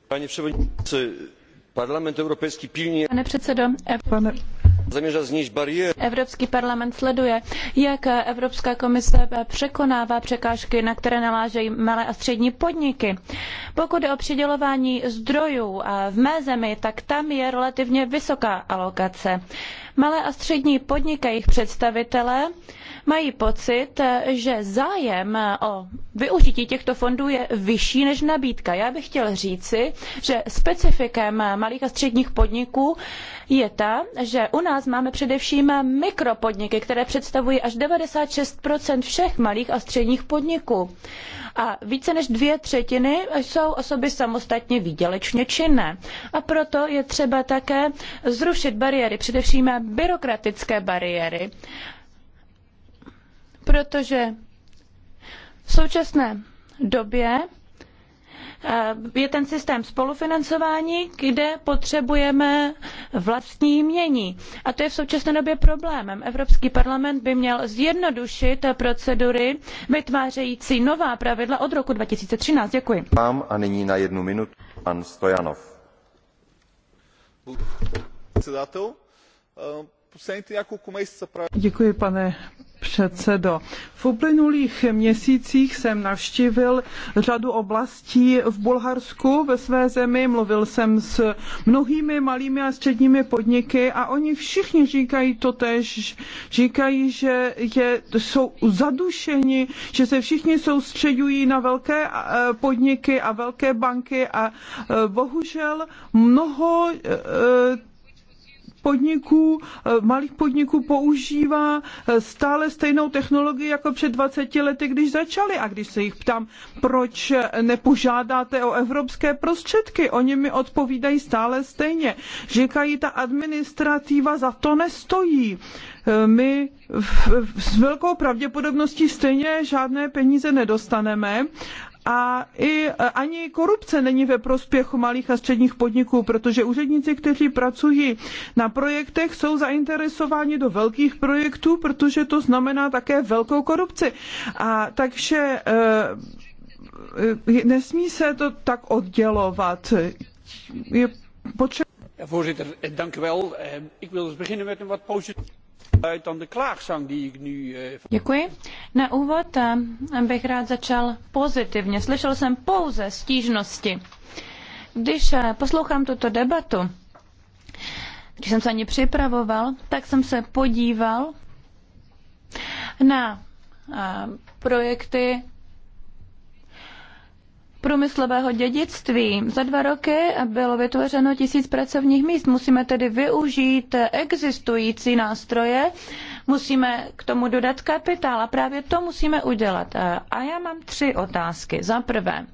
Pane parlament předsedo, Evropský... Pane Evropský parlament sleduje, jak Evropská komise překonává překážky, na které nalážejí malé a střední podniky. Pokud je o přidělování zdrojů v mé zemi, tak tam je relativně vysoká alokace. Malé a střední podniky, jejich představitelé, mají pocit, že zájem o využití těchto fondů je vyšší než nabídka. Já bych chtěl říci, že specifikem malých a středních podniků je ta, že u nás máme především mikropodniky, které představují až 96 všech malých a středních podniků. A více než dvě třetiny jsou osoby samostatně výdělečně činné. A proto je třeba také zrušit bariéry, především byrokratické bariéry protože v současné době eh, je ten systém spolufinancování, kde potřebujeme vlastní mění. A to je v současné době problémem. Evropský parlament by měl zjednodušit procedury vytvářející nová pravidla od roku 2013. Děkuji. Mám a nyní na jednu minutu pan Stojanov. Eh, jako Děkuji, pane předsedo. V uplynulých měsících jsem navštívil řadu oblastí v Bulharsku ve své zemi, mluvil jsem s mnohými malými a středními podniky a oni všichni říkají to tež, říkají, že je, jsou zadušeni, že se všichni soustředují na velké eh, podniky a velké banky a eh, bohužel mnoho eh, podniků, eh, malých podniků používá eh, stále stejnou technologii jako před 20 lety, když začaly. A když se jich ptám, proč eh, nepožádáte o evropské prostředky, oni mi odpovídají stále stejně. Říkají, ta administrativa za to nestojí. My s velkou pravděpodobností stejně žádné peníze nedostaneme a i e, ani korupce není ve prospěch malých a středních podniků, protože úředníci, kteří pracují na projektech, jsou zainteresováni do velkých projektů, protože to znamená také velkou korupci. A takže e, e, nesmí se to tak oddělovat. Je potřeba... Voorzitter, eh, dank u wel. Eh, ik wil beginnen met een wat Eh, na úvod eh, bych rád začal pozitivně. Slyšel jsem pouze stížnosti. Když eh, poslouchám tuto debatu, když jsem se ani připravoval, tak jsem se podíval na projekty průmyslového dědictví. Za dva roky bylo vytvořeno tisíc pracovních míst. Musíme tedy využít existující nástroje, musíme k tomu dodat kapitál a právě to musíme udělat. A já mám tři otázky. Za prvé,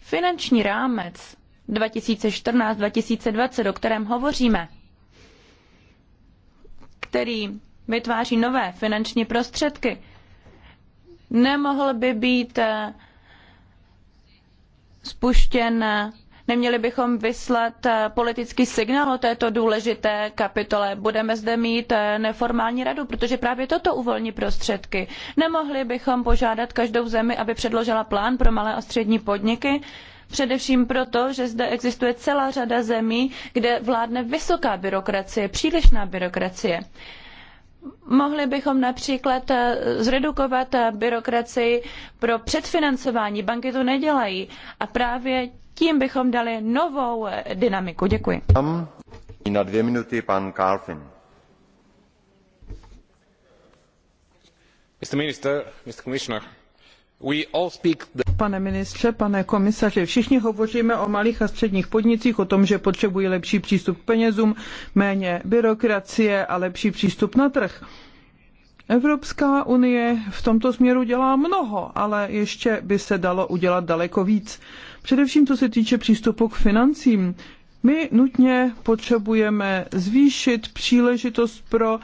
finanční rámec 2014-2020, o kterém hovoříme, který vytváří nové finanční prostředky, nemohl by být spuštěn. Neměli bychom vyslat eh, politický signál o této důležité kapitole. Budeme zde mít eh, neformální radu, protože právě toto uvolní prostředky. Nemohli bychom požádat každou zemi, aby předložila plán pro malé a střední podniky, především proto, že zde existuje celá řada zemí, kde vládne vysoká byrokracie, přílišná byrokracie. Mohli bychom například eh, zredukovat eh, byrokracii pro předfinancování. Banky to nedělají a právě tím bychom dali novou eh, dynamiku. Děkuji. Na dvě minuty pan Kalfin. Mr. Minister, Mr. Commissioner, Pane ministře, pane komisaři, všichni hovoříme o malých a středních podnicích, o tom, že potřebují lepší přístup k penězům, méně byrokracie a lepší přístup na trh. Evropská unie v tomto směru dělá mnoho, ale ještě by se dalo udělat daleko víc. Především co se týče přístupu k financím, my nutně potřebujeme zvýšit příležitost pro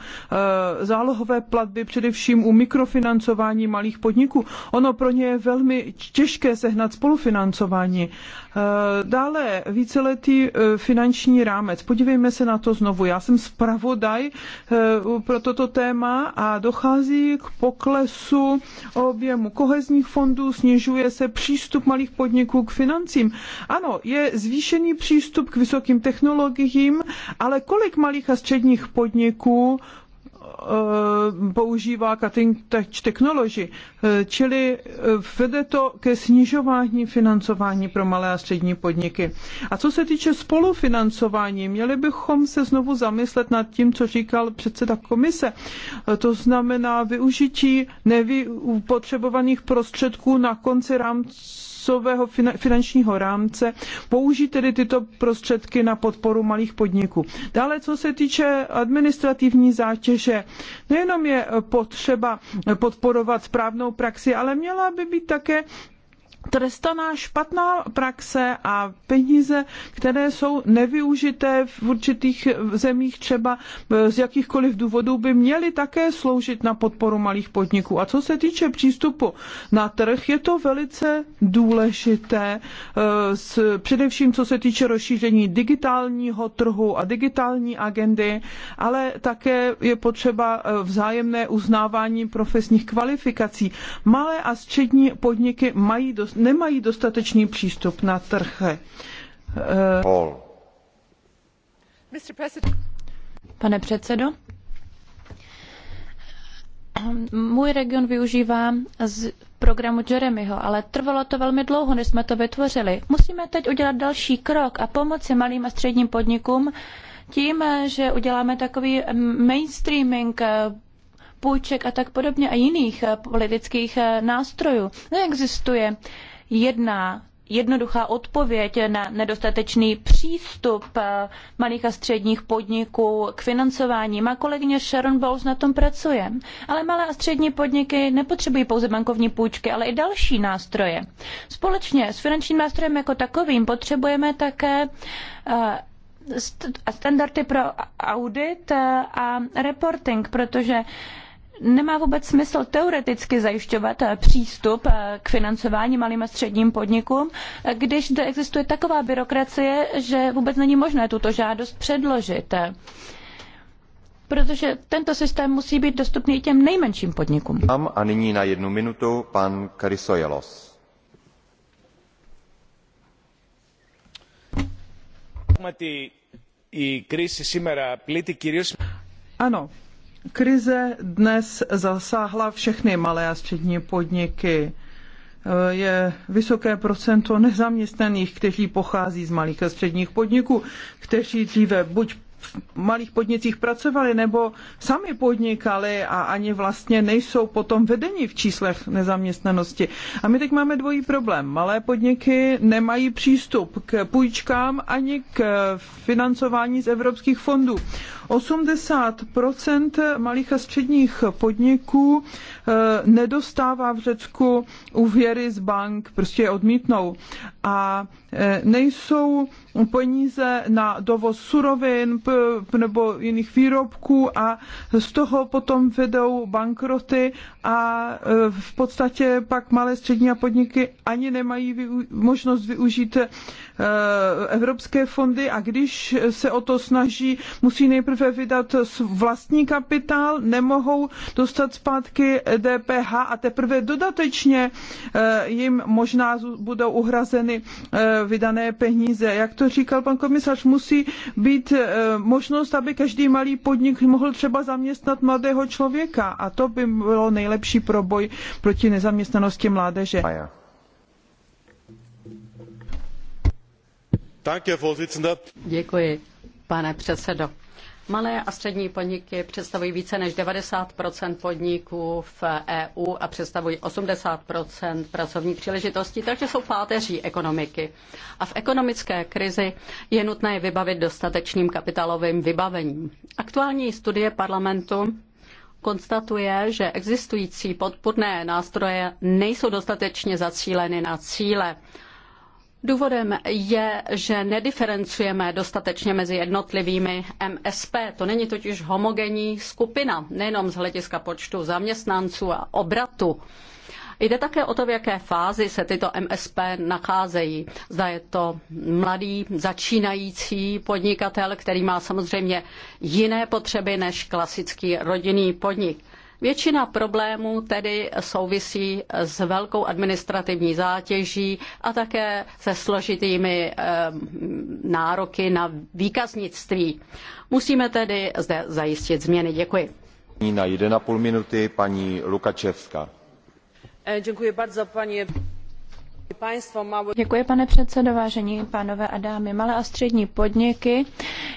eh, zálohové platby, především u mikrofinancování malých podniků. Ono pro ně je velmi těžké sehnat spolufinancování. Eh, dále víceletý eh, finanční rámec. Podívejme se na to znovu. Já jsem zpravodaj pro toto téma a dochází k poklesu objemu kohezních fondů, snižuje se přístup malých podniků k financím. Ano, je zvýšený přístup k vysokým technologiím, ale kolik malých a středních podniků eh, používá cutting touch technology, eh, čili eh, vede to ke snižování financování pro malé a střední podniky. A co se týče spolufinancování, měli bychom se znovu zamyslet nad tím, co říkal předseda komise. To znamená využití nevypotřebovaných prostředků na konci rámce rámcového finančního rámce použít tedy tyto prostředky na podporu malých podniků. Dále, co se týče administrativní zátěže, nejenom je potřeba podporovat správnou praxi, ale měla by být také trestaná špatná praxe a peníze, které jsou nevyužité v určitých zemích třeba z jakýchkoliv důvodů, by měly také sloužit na podporu malých podniků. A co se týče přístupu na trh, je to velice důležité, eh, s, především co se týče rozšíření digitálního trhu a digitální agendy, ale také je potřeba eh, vzájemné uznávání profesních kvalifikací. Malé a střední podniky mají dost dost, nemají dostatečný přístup na trhy. Eh, Paul. Pane předsedo, můj region využívá z programu Jeremyho, ale trvalo to velmi dlouho, než jsme to vytvořili. Musíme teď udělat další krok a pomoci malým a středním podnikům tím, že uděláme takový mainstreaming půjček a tak podobně a jiných eh, politických eh, nástrojů. Neexistuje jedna jednoduchá odpověď na nedostatečný přístup eh, malých a středních podniků k financování. Má kolegyně Sharon Bowles na tom pracuje. Ale malé a střední podniky nepotřebují pouze bankovní půjčky, ale i další nástroje. Společně s finančním nástrojem jako takovým potřebujeme také standardy pro audit a reporting, protože nemá vůbec smysl teoreticky zajišťovat eh, přístup eh, k financování malým a středním podnikům, eh, když zde existuje taková byrokracie, že vůbec není možné tuto žádost předložit. Protože tento systém musí být dostupný i těm nejmenším podnikům. A nyní na jednu minutu pan Krysojelos. Ano, Krize dnes zasáhla všechny malé a střední podniky. Je vysoké procento nezaměstnaných, kteří pochází z malých a středních podniků, kteří dříve buď v malých podnicích pracovali nebo sami podnikali a ani vlastně nejsou potom vedeni v číslech nezaměstnanosti. A my teď máme dvojí problém. Malé podniky nemají přístup k půjčkám ani k financování z evropských fondů. 80 malých a středních podniků eh, nedostává v Řecku úvěry z bank, prostě je odmítnou. A eh, nejsou peníze na dovoz surovin nebo jiných výrobků a z toho potom vedou bankroty a eh, v podstatě pak malé střední a podniky ani nemají možnost využít evropské fondy a když se o to snaží, musí nejprve teprve vydat vlastní kapitál, nemohou dostat zpátky DPH a teprve dodatečně eh, jim možná budou uhrazeny eh, vydané peníze. Jak to říkal pan komisař, musí být eh, možnost, aby každý malý podnik mohl třeba zaměstnat mladého člověka a to by bylo nejlepší pro boj proti nezaměstnanosti mládeže. Děkuji, pane předsedo. Malé a střední podniky představují více než 90 podniků v EU a představují 80 pracovních příležitostí, takže jsou páteří ekonomiky. A v ekonomické krizi je nutné je vybavit dostatečným kapitálovým vybavením. Aktuální studie parlamentu konstatuje, že existující podpůrné nástroje nejsou dostatečně zacíleny na cíle Důvodem je, že nediferencujeme dostatečně mezi jednotlivými MSP. To není totiž homogenní skupina, nejenom z hlediska počtu zaměstnanců a obratu. Jde také o to, v jaké fázi se tyto MSP nacházejí. Zda je to mladý začínající podnikatel, který má samozřejmě jiné potřeby než klasický rodinný podnik. Většina problémů tedy souvisí s velkou administrativní zátěží a také se složitými eh, nároky na výkaznictví. Musíme tedy zde zajistit změny. Děkuji. Na 1,5 minuty paní Lukačevská. Eh, děkuji bardzo, paní. Děkuji, pane předsedo, vážení pánové a dámy. Malé a střední podniky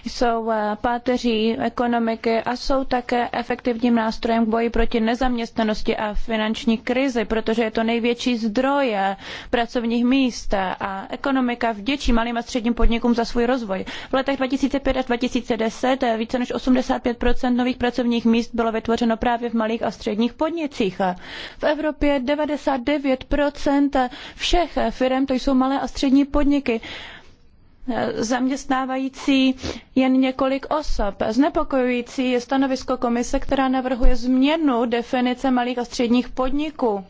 jsou eh, páteří ekonomiky a jsou také efektivním nástrojem k boji proti nezaměstnanosti a finanční krizi, protože je to největší zdroj pracovních míst a ekonomika vděčí malým a středním podnikům za svůj rozvoj. V letech 2005 až 2010 více než 85 nových pracovních míst bylo vytvořeno právě v malých a středních podnicích. V Evropě 99 všech všech firm to jsou malé a střední podniky zaměstnávající jen několik osob. Znepokojující je stanovisko komise, která navrhuje změnu definice malých a středních podniků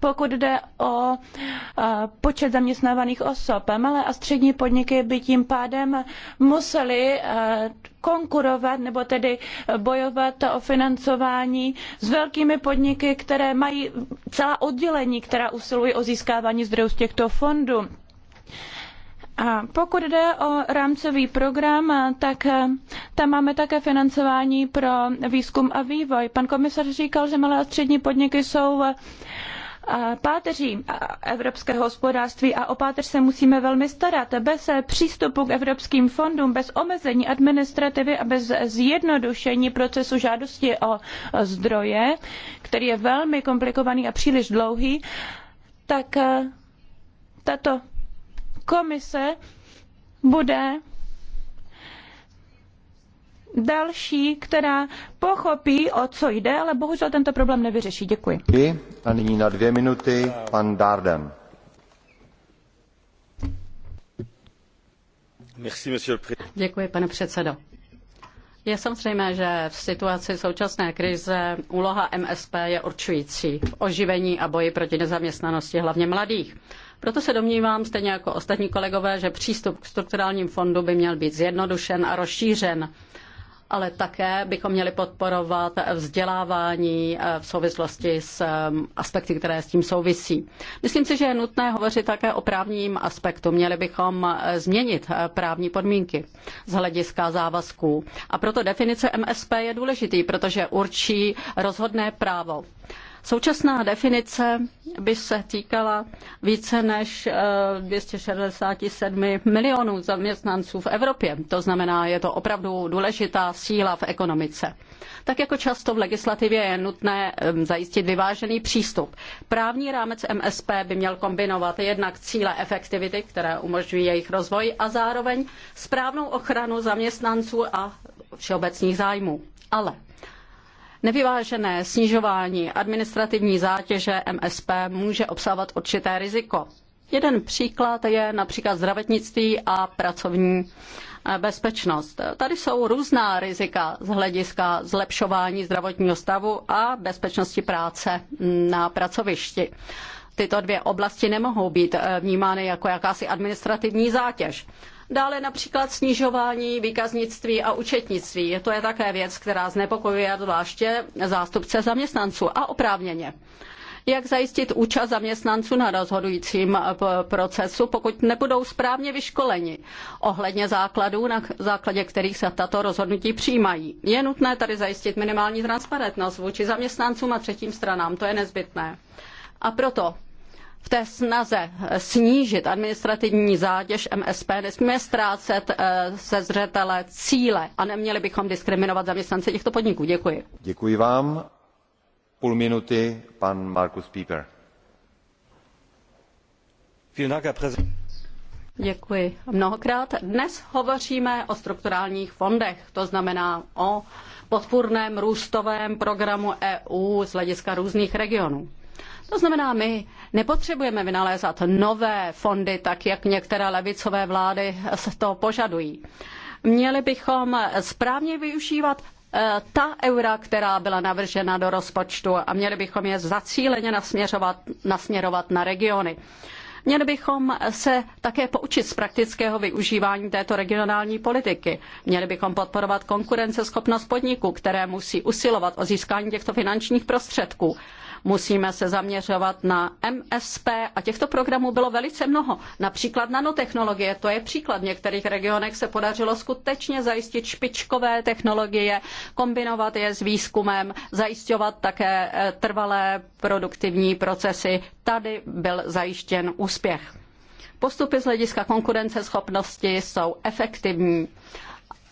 pokud jde o eh, počet zaměstnávaných osob, malé a střední podniky by tím pádem musely eh, konkurovat nebo tedy bojovat o financování s velkými podniky, které mají celá oddělení, která usilují o získávání zdrojů z těchto fondů. A pokud jde o rámcový program, tak eh, tam máme také financování pro výzkum a vývoj. Pan komisař říkal, že malé a střední podniky jsou páteří evropského hospodářství a o páteř se musíme velmi starat. Bez přístupu k evropským fondům, bez omezení administrativy a bez zjednodušení procesu žádosti o zdroje, který je velmi komplikovaný a příliš dlouhý, tak eh, tato komise bude další, která pochopí, o co jde, ale bohužel tento problém nevyřeší. Děkuji. A nyní na dvě minuty pan Darden. Děkuji, pane předsedo. Je samozřejmé, že v situaci současné krize úloha MSP je určující v oživení a boji proti nezaměstnanosti hlavně mladých. Proto se domnívám, stejně jako ostatní kolegové, že přístup k strukturálním fondu by měl být zjednodušen a rozšířen ale také bychom měli podporovat vzdělávání eh, v souvislosti s ehm, aspekty, které s tím souvisí. Myslím si, že je nutné hovořit také o právním aspektu. Měli bychom eh, změnit eh, právní podmínky z hlediska závazků. A proto definice MSP je důležitý, protože určí rozhodné právo. Současná definice by se týkala více než 267 eh, milionů zaměstnanců v Evropě. To znamená, je to opravdu důležitá síla v ekonomice. Tak jako často v legislativě je nutné eh, zajistit vyvážený přístup. Právní rámec MSP by měl kombinovat jednak cíle efektivity, které umožňují jejich rozvoj, a zároveň správnou ochranu zaměstnanců a všeobecných zájmů. Ale Nevyvážené snižování administrativní zátěže MSP může obsávat určité riziko. Jeden příklad je například zdravotnictví a pracovní eh, bezpečnost. Tady jsou různá rizika z hlediska zlepšování zdravotního stavu a bezpečnosti práce na pracovišti. Tyto dvě oblasti nemohou být eh, vnímány jako jakási administrativní zátěž. Dále například snižování výkaznictví a účetnictví. To je také věc, která znepokojuje zvláště zástupce zaměstnanců a oprávněně jak zajistit účast zaměstnanců na rozhodujícím eh, procesu, pokud nebudou správně vyškoleni ohledně základů, na základě kterých se tato rozhodnutí přijímají. Je nutné tady zajistit minimální transparentnost vůči zaměstnancům a třetím stranám, to je nezbytné. A proto v té snaze snížit administrativní zátěž MSP nesmíme ztrácet eh, ze zřetele cíle a neměli bychom diskriminovat zaměstnance těchto podniků. Děkuji. Děkuji vám. Půl minuty pan Markus Pieper. Děkuji mnohokrát. Dnes hovoříme o strukturálních fondech, to znamená o podpůrném růstovém programu EU z hlediska různých regionů. To znamená, my nepotřebujeme vynalézat nové fondy, tak jak některé levicové vlády se to požadují. Měli bychom správně využívat eh, ta eura, která byla navržena do rozpočtu a měli bychom je zacíleně nasměřovat, nasměrovat na regiony. Měli bychom se také poučit z praktického využívání této regionální politiky. Měli bychom podporovat konkurenceschopnost podniků, které musí usilovat o získání těchto finančních prostředků. Musíme se zaměřovat na MSP a těchto programů bylo velice mnoho. Například nanotechnologie, to je příklad. V některých regionech se podařilo skutečně zajistit špičkové technologie, kombinovat je s výzkumem, zajišťovat také eh, trvalé produktivní procesy. Tady byl zajištěn úspěch. Postupy z hlediska konkurenceschopnosti jsou efektivní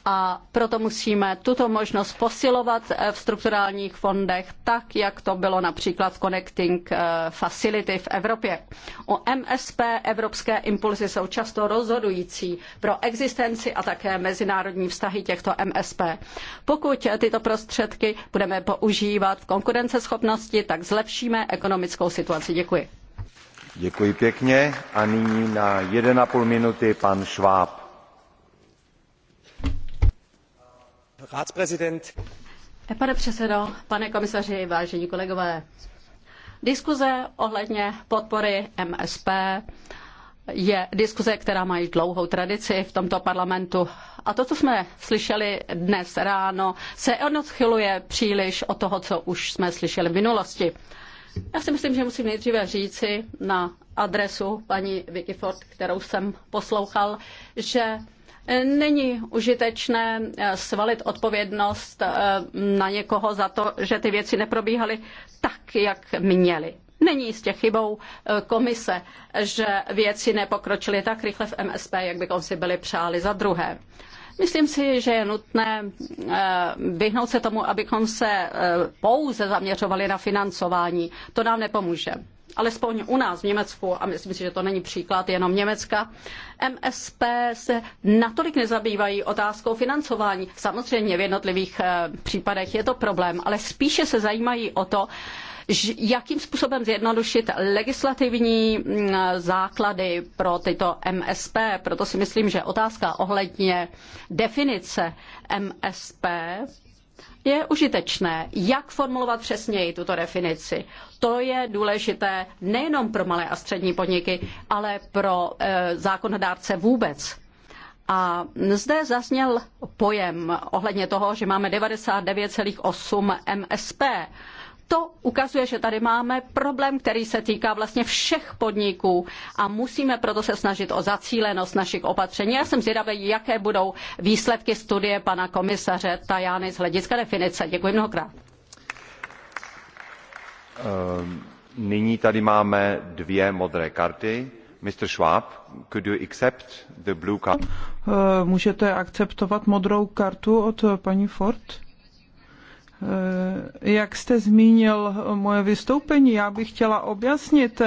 a proto musíme tuto možnost posilovat eh, v strukturálních fondech, tak jak to bylo například v Connecting eh, Facility v Evropě. O MSP evropské impulzy jsou často rozhodující pro existenci a také mezinárodní vztahy těchto MSP. Pokud tyto prostředky budeme používat v konkurenceschopnosti, tak zlepšíme ekonomickou situaci. Děkuji. Děkuji pěkně a nyní na 1,5 minuty pan Šváb. Pane předsedo, pane komisaři, vážení kolegové, diskuze ohledně podpory MSP je diskuze, která má již dlouhou tradici v tomto parlamentu. A to, co jsme slyšeli dnes ráno, se odchyluje příliš od toho, co už jsme slyšeli v minulosti. Já si myslím, že musím nejdříve říci na adresu paní Vicky Ford, kterou jsem poslouchal, že Není užitečné eh, svalit odpovědnost eh, na někoho za to, že ty věci neprobíhaly tak, jak měly. Není jistě chybou eh, komise, že věci nepokročily tak rychle v MSP, jak bychom si byli přáli za druhé. Myslím si, že je nutné vyhnout se tomu, abychom se pouze zaměřovali na financování. To nám nepomůže alespoň u nás v Německu, a myslím si, že to není příklad jenom Německa, MSP se natolik nezabývají otázkou financování. Samozřejmě v jednotlivých eh, případech je to problém, ale spíše se zajímají o to, jakým způsobem zjednodušit legislativní mm, základy pro tyto MSP. Proto si myslím, že otázka ohledně definice MSP je užitečné, jak formulovat přesněji tuto definici. To je důležité nejenom pro malé a střední podniky, ale pro e, zákonodárce vůbec. A zde zazněl pojem ohledně toho, že máme 99,8 MSP. To ukazuje, že tady máme problém, který se týká vlastně všech podniků a musíme proto se snažit o zacílenost našich opatření. Já jsem zvědavý, jaké budou výsledky studie pana komisaře Tajány z hlediska definice. Děkuji mnohokrát. Ehm, nyní tady máme dvě modré karty. Mr. Schwab, could you accept the blue card? Ehm, můžete akceptovat modrou kartu od paní Ford? Eh, jak jste zmínil moje vystoupení, já bych chtěla objasnit,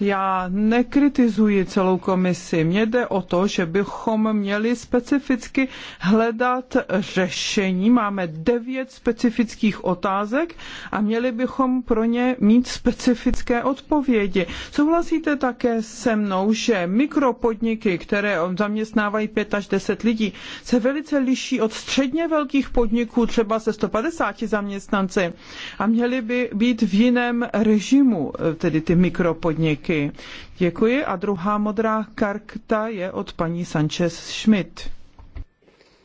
já nekritizuji celou komisi. Mně jde o to, že bychom měli specificky hledat řešení. Máme devět specifických otázek a měli bychom pro ně mít specifické odpovědi. Souhlasíte také se mnou, že mikropodniky, které zaměstnávají 5 až 10 lidí, se velice liší od středně velkých podniků, třeba se 150 zaměstnanci a měli by být v jiném režimu, eh, tedy ty mikropodniky. Děkuji a druhá modrá karta je od paní Sanchez Schmidt.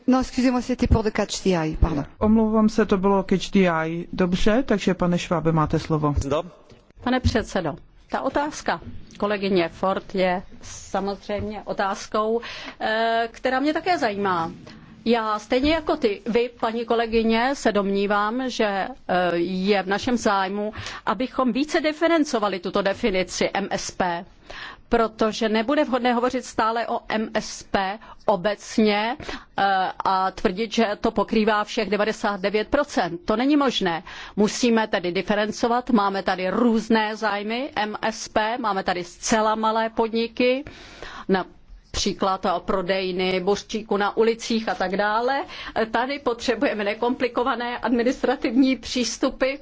No, excusez-moi, Omlouvám se, to bylo catch Dobře, takže pane Švábe, máte slovo. No. Pane předsedo, ta otázka kolegyně Ford je samozřejmě otázkou, eh, která mě také zajímá. Já stejně jako ty, vy, paní kolegyně, se domnívám, že eh, je v našem zájmu, abychom více diferencovali tuto definici MSP protože nebude vhodné hovořit stále o MSP obecně eh, a tvrdit, že to pokrývá všech 99%. To není možné. Musíme tedy diferencovat. Máme tady různé zájmy MSP, máme tady zcela malé podniky, například prodejny bořčíku na ulicích a tak dále. Tady potřebujeme nekomplikované administrativní přístupy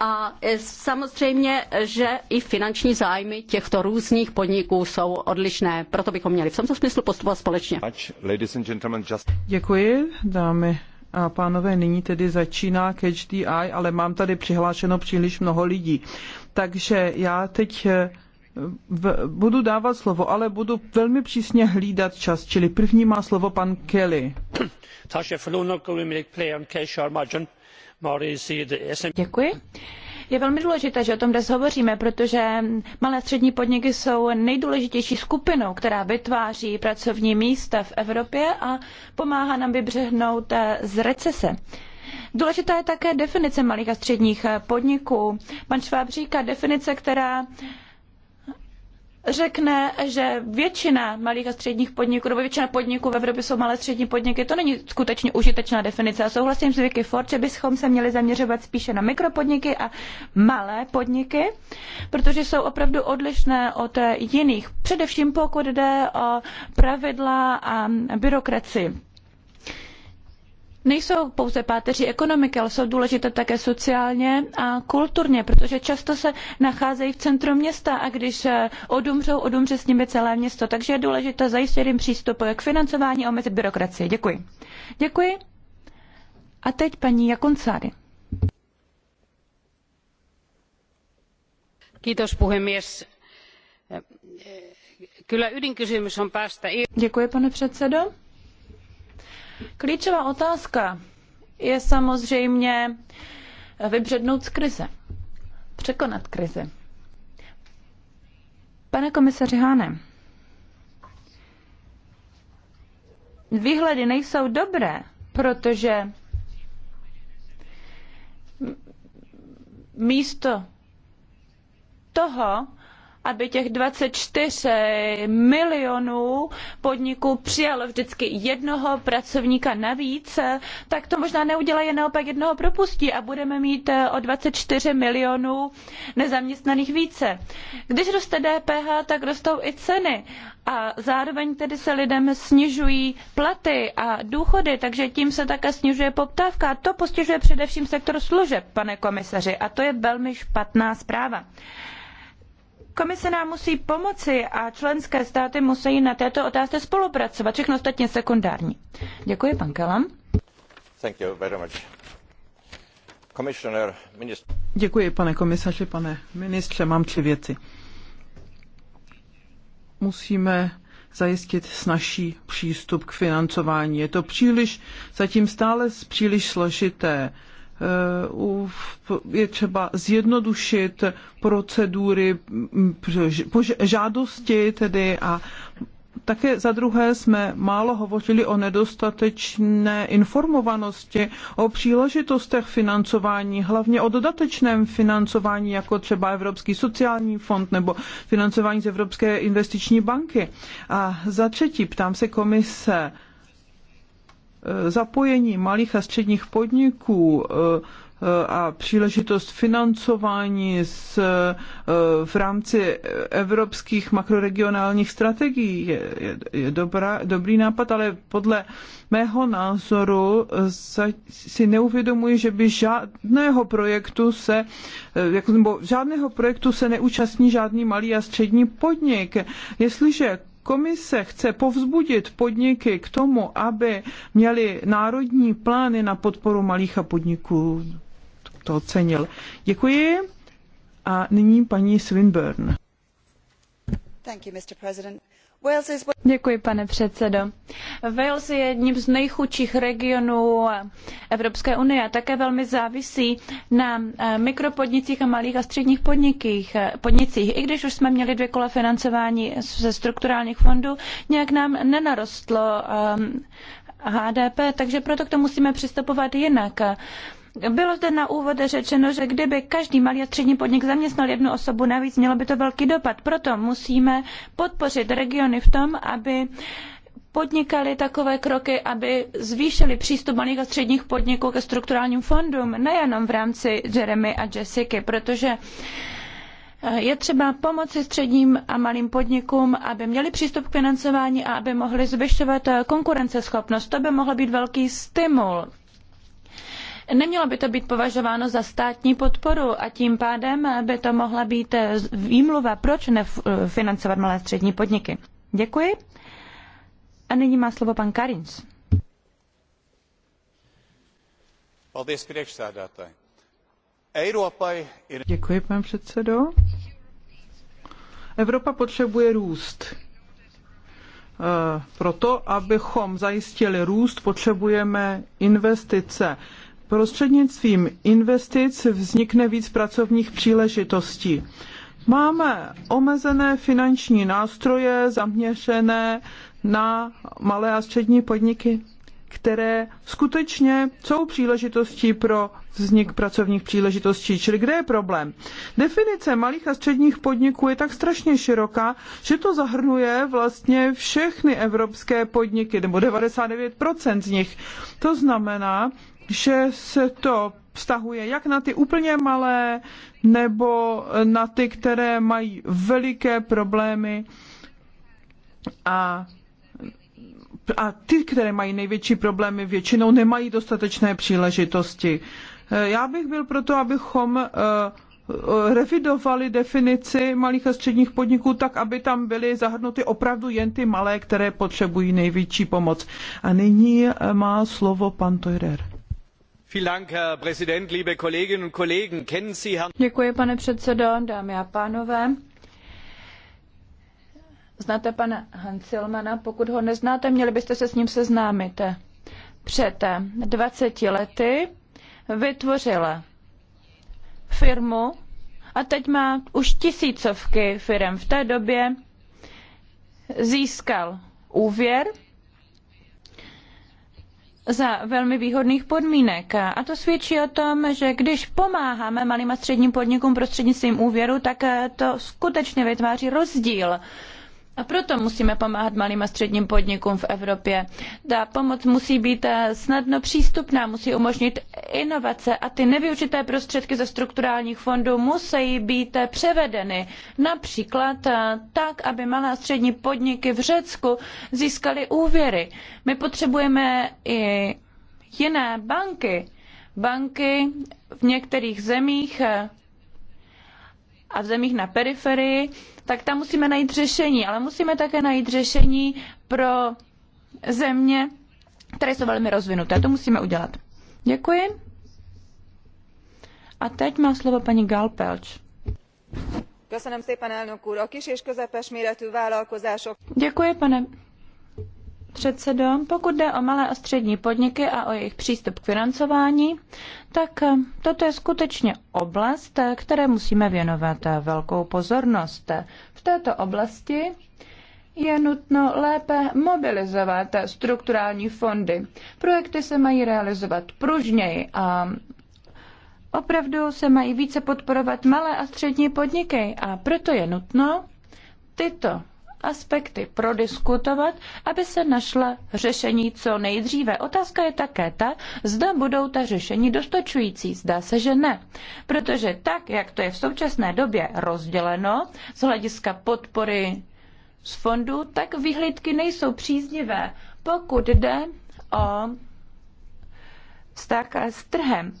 a samozřejmě, že i finanční zájmy těchto různých podniků jsou odlišné. Proto bychom měli v tomto smyslu postupovat společně. Děkuji, dámy a pánové, nyní tedy začíná Catch the Eye, ale mám tady přihlášeno příliš mnoho lidí. Takže já teď eh, budu dávat slovo, ale budu velmi přísně hlídat čas, čili první má slovo pan Kelly. Děkuji. Je velmi důležité, že o tom dnes hovoříme, protože malé a střední podniky jsou nejdůležitější skupinou, která vytváří pracovní místa v Evropě a pomáhá nám vybřehnout eh, z recese. Důležitá je také definice malých a středních eh, podniků. Pan Šváb říká definice, která řekne, že většina malých a středních podniků, nebo většina podniků v Evropě jsou malé a střední podniky, to není skutečně užitečná definice. A souhlasím s Vicky Ford, že bychom se měli zaměřovat spíše na mikropodniky a malé podniky, protože jsou opravdu odlišné od jiných, především pokud jde o pravidla a byrokracii nejsou pouze páteří ekonomiky, ale jsou důležité také sociálně a kulturně, protože často se nacházejí v centru města a když odumřou, odumře s nimi celé město. Takže je důležité zajistit jim přístup k financování a omezit byrokracii. Děkuji. Děkuji. A teď paní Jakoncáry. Kiitos puhemies. Kyllä ydinkysymys on päästä... Děkuji, pane předsedo. Klíčová otázka je samozřejmě vybřednout z krize, překonat krizi. Pane komisaři Háne, výhledy nejsou dobré, protože místo toho, aby těch 24 milionů podniků přijalo vždycky jednoho pracovníka navíc, tak to možná neudělají, naopak jednoho propustí a budeme mít eh, o 24 milionů nezaměstnaných více. Když roste DPH, tak rostou i ceny a zároveň tedy se lidem snižují platy a důchody, takže tím se také snižuje poptávka. A to postižuje především sektor služeb, pane komisaři, a to je velmi špatná zpráva. Komise nám musí pomoci a členské státy musí na této otázce spolupracovat. Všechno ostatně sekundární. Děkuji, pan Kalam. Thank you very much. Commissioner, minister... Děkuji, pane komisaři, pane ministře, mám tři věci. Musíme zajistit snažší přístup k financování. Je to příliš, zatím stále příliš složité Eh, je třeba zjednodušit procedury mm, žádosti tedy a také za druhé jsme málo hovořili o nedostatečné informovanosti o příležitostech financování, hlavně o dodatečném financování, jako třeba Evropský sociální fond nebo financování z Evropské investiční banky. A za třetí ptám se komise, Eh, zapojení malých a středních podniků eh, eh, a příležitost financování z, v rámci evropských makroregionálních strategií je, je, je dobrá, dobrý nápad, ale podle mého názoru si neuvědomuji, že by žádného projektu se, jako, nebo žádného projektu se neúčastní žádný malý a střední podnik. Jestliže komise chce povzbudit podniky k tomu, aby měli národní plány na podporu malých a podniků, to ocenil. Děkuji. A nyní paní Swinburne. Thank you, Mr. President. Děkuji, pane předsedo. Wales je jedním z nejchudších regionů Evropské unie a také velmi závisí na eh, mikropodnicích a malých a středních eh, podnicích. I když už jsme měli dvě kola financování ze strukturálních fondů, nějak nám nenarostlo HDP, ehm, takže proto k tomu musíme přistupovat jinak. Bylo zde na úvod řečeno, že kdyby každý malý a střední podnik zaměstnal jednu osobu navíc, mělo by to velký dopad. Proto musíme podpořit regiony v tom, aby podnikali takové kroky, aby zvýšili přístup malých a středních podniků ke strukturálním fondům, nejenom v rámci Jeremy a Jessica, protože eh, je třeba pomoci středním a malým podnikům, aby měli přístup k financování a aby mohli zvyšovat eh, konkurenceschopnost. To by mohl být velký stimul Nemělo by to být považováno za státní podporu a tím pádem by to mohla být výmluva, proč nefinancovat malé střední podniky. Děkuji. A nyní má slovo pan Karins. Děkuji, pane předsedo. Evropa potřebuje růst. Eh, proto, abychom zajistili růst, potřebujeme investice. Prostřednictvím investic vznikne víc pracovních příležitostí. Máme omezené finanční nástroje zaměřené na malé a střední podniky, které skutečně jsou příležitostí pro vznik pracovních příležitostí. Čili kde je problém? Definice malých a středních podniků je tak strašně široká, že to zahrnuje vlastně všechny evropské podniky, nebo 99% z nich. To znamená, že se to vztahuje jak na ty úplně malé, nebo na ty, které mají veliké problémy a a ty, které mají největší problémy, většinou nemají dostatečné příležitosti. Eh, já bych byl proto, abychom eh, eh, revidovali definici malých a středních podniků tak, aby tam byly zahrnuty opravdu jen ty malé, které potřebují největší pomoc. A nyní má slovo pan Tojrer. Děkuji, pane předsedo, dámy a Znáte pana Hansilmana? Pokud ho neznáte, měli byste se s ním seznámit. Před dvaceti lety vytvořil firmu a teď má už tisícovky firm. V té době získal úvěr za velmi výhodných podmínek. A to svědčí o tom, že když pomáháme malým a středním podnikům prostřednictvím úvěru, tak to skutečně vytváří rozdíl a proto musíme pomáhat malým a středním podnikům v Evropě. Ta pomoc musí být eh, snadno přístupná, musí umožnit inovace a ty nevyužité prostředky ze strukturálních fondů musí být eh, převedeny například eh, tak, aby malé a střední podniky v Řecku získaly úvěry. My potřebujeme i jiné banky. Banky v některých zemích a v zemích na periferii, tak tam musíme najít řešení, ale musíme také najít řešení pro země, které jsou velmi rozvinuté. To musíme udělat. Děkuji. A teď má slovo paní Galpelč. Děkuji, pane předsedo. Pokud jde o malé a střední podniky a o jejich přístup k financování, tak eh, toto je skutečně oblast, eh, které musíme věnovat eh, velkou pozornost. V této oblasti je nutno lépe mobilizovat strukturální fondy. Projekty se mají realizovat pružněji a opravdu se mají více podporovat malé a střední podniky a proto je nutno tyto aspekty prodiskutovat, aby se našla řešení co nejdříve. Otázka je také ta, zda budou ta řešení dostačující. Zdá se, že ne. Protože tak, jak to je v současné době rozděleno z hlediska podpory z fondů, tak vyhlídky nejsou příznivé, pokud jde o vztah s trhem.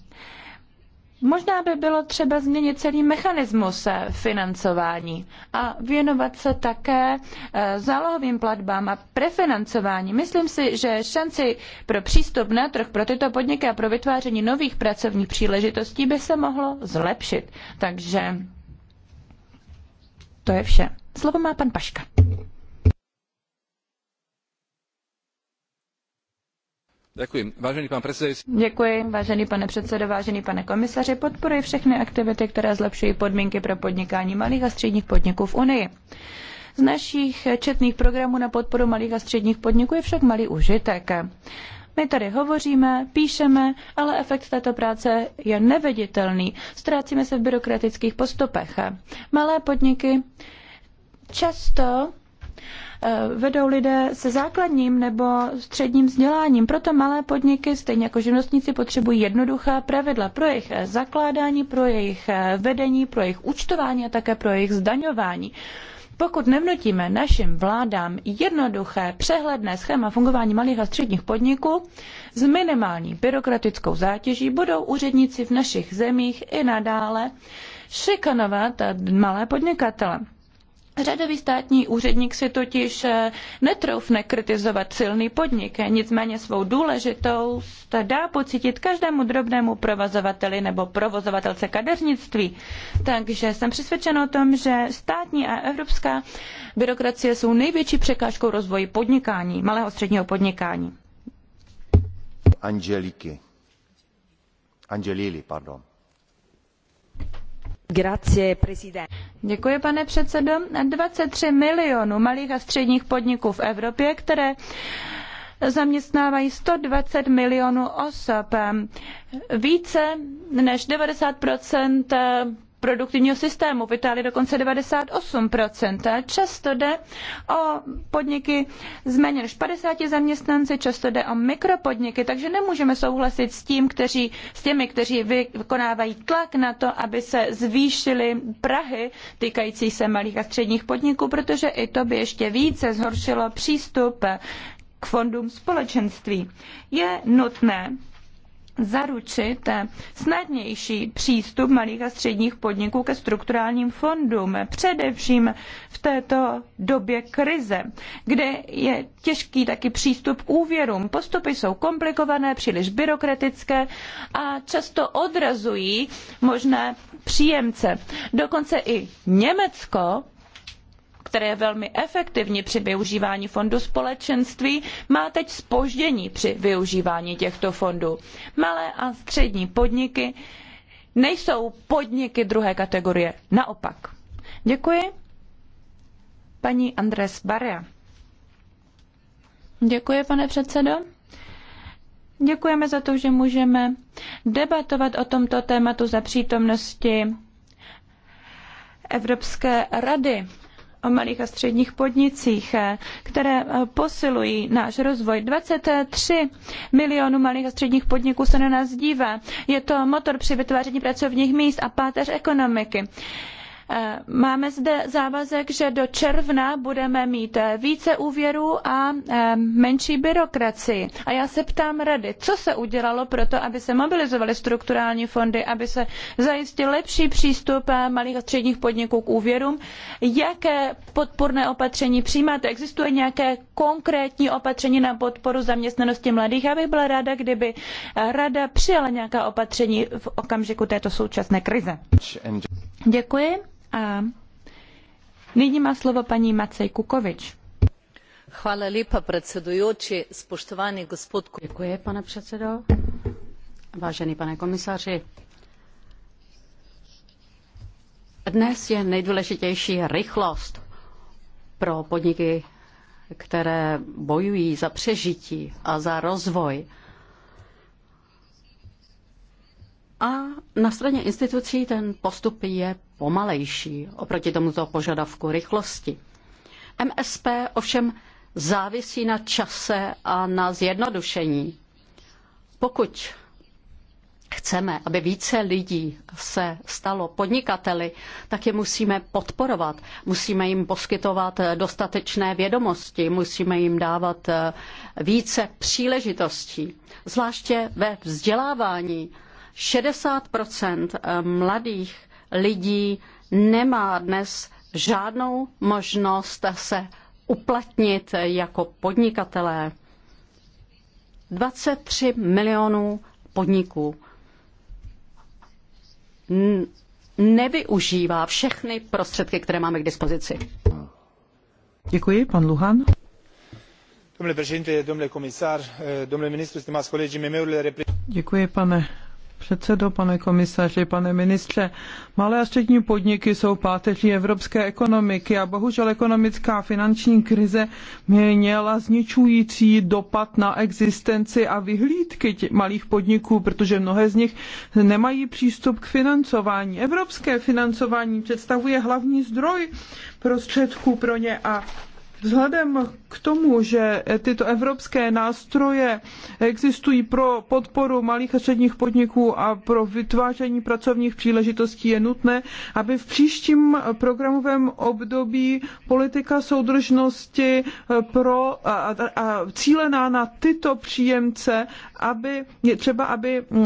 Možná by bylo třeba změnit celý mechanismus eh, financování a věnovat se také eh, zálohovým platbám a prefinancování. Myslím si, že šanci pro přístup na trh pro tyto podniky a pro vytváření nových pracovních příležitostí by se mohlo zlepšit. Takže to je vše. Slovo má pan Paška. Děkuji. předsedající. Děkuji, vážený pane předsedo, vážený pane komisaři. Podporuji všechny aktivity, které zlepšují podmínky pro podnikání malých a středních podniků v Unii. Z našich četných programů na podporu malých a středních podniků je však malý užitek. My tady hovoříme, píšeme, ale efekt této práce je neviditelný. Ztrácíme se v byrokratických postupech. Malé podniky často Eh, vedou lidé se základním nebo středním vzděláním. Proto malé podniky, stejně jako živnostníci, potřebují jednoduchá pravidla pro jejich eh, zakládání, pro jejich eh, vedení, pro jejich účtování a také pro jejich zdaňování. Pokud nevnutíme našim vládám jednoduché, přehledné schéma fungování malých a středních podniků s minimální byrokratickou zátěží, budou úředníci v našich zemích i nadále šikanovat malé podnikatele. Řadový státní úředník si totiž eh, netroufne kritizovat silný podnik, eh, nicméně svou důležitost dá pocítit každému drobnému provozovateli nebo provozovatelce kadeřnictví. Takže jsem přesvědčen o tom, že státní a evropská byrokracie jsou největší překážkou rozvoji podnikání, malého středního podnikání. Angeliky. Angelili, pardon. Děkuji, pane předsedo. 23 milionů malých a středních podniků v Evropě, které zaměstnávají 120 milionů osob. Více než 90 produktivního systému, v Itálii dokonce 98%. Často jde o podniky z méně než 50 zaměstnanci, často jde o mikropodniky, takže nemůžeme souhlasit s, tím, kteří, s těmi, kteří vykonávají tlak na to, aby se zvýšily Prahy týkající se malých a středních podniků, protože i to by ještě více zhoršilo přístup k fondům společenství. Je nutné zaručit snadnější přístup malých a středních podniků ke strukturálním fondům, především v této době krize, kde je těžký taky přístup k úvěrům. Postupy jsou komplikované, příliš byrokratické a často odrazují možné příjemce. Dokonce i Německo které je velmi efektivní při využívání fondu společenství, má teď spoždění při využívání těchto fondů. Malé a střední podniky nejsou podniky druhé kategorie, naopak. Děkuji. Paní Andres Barea. Děkuji, pane předsedo. Děkujeme za to, že můžeme debatovat o tomto tématu za přítomnosti Evropské rady o malých a středních podnicích, eh, které eh, posilují náš rozvoj. 23 milionů malých a středních podniků se na nás dívá. Je to motor při vytváření pracovních míst a páteř ekonomiky. Eh, máme zde závazek, že do června budeme mít eh, více úvěrů a eh, menší byrokracii. A já se ptám rady, co se udělalo pro to, aby se mobilizovaly strukturální fondy, aby se zajistil lepší přístup malých a středních podniků k úvěrům. Jaké podporné opatření přijímáte? Existuje nějaké konkrétní opatření na podporu zaměstnanosti mladých? Já bych byla ráda, kdyby rada přijala nějaká opatření v okamžiku této současné krize. Děkuji. A nyní má slovo paní Macej Kukovič. Hvala predsedujoči, gospod... Děkuji, pane předsedo. Vážený pane komisaři, dnes je nejdůležitější rychlost pro podniky, které bojují za přežití a za rozvoj. A na straně institucí ten postup je pomalejší oproti tomuto požadavku rychlosti. MSP ovšem závisí na čase a na zjednodušení. Pokud chceme, aby více lidí se stalo podnikateli, tak je musíme podporovat. Musíme jim poskytovat dostatečné vědomosti, musíme jim dávat eh, více příležitostí, zvláště ve vzdělávání 60 eh, mladých lidí nemá dnes žádnou možnost se uplatnit jako podnikatelé. 23 milionů podniků nevyužívá všechny prostředky, které máme k dispozici. Děkuji, pan Luhan. Domnule președinte, domnule comisar, eh, domnule ministru, stimați colegi, mm Děkuji, pane předsedo, pane komisaři, pane ministře. Malé a střední podniky jsou páteří evropské ekonomiky a bohužel ekonomická a finanční krize měla zničující dopad na existenci a vyhlídky malých podniků, protože mnohé z nich nemají přístup k financování. Evropské financování představuje hlavní zdroj prostředků pro ně a Vzhledem k tomu, že tyto evropské nástroje existují pro podporu malých a středních podniků a pro vytváření pracovních příležitostí, je nutné, aby v příštím programovém období politika soudržnosti pro a, a cílená na tyto příjemce aby, třeba aby mm,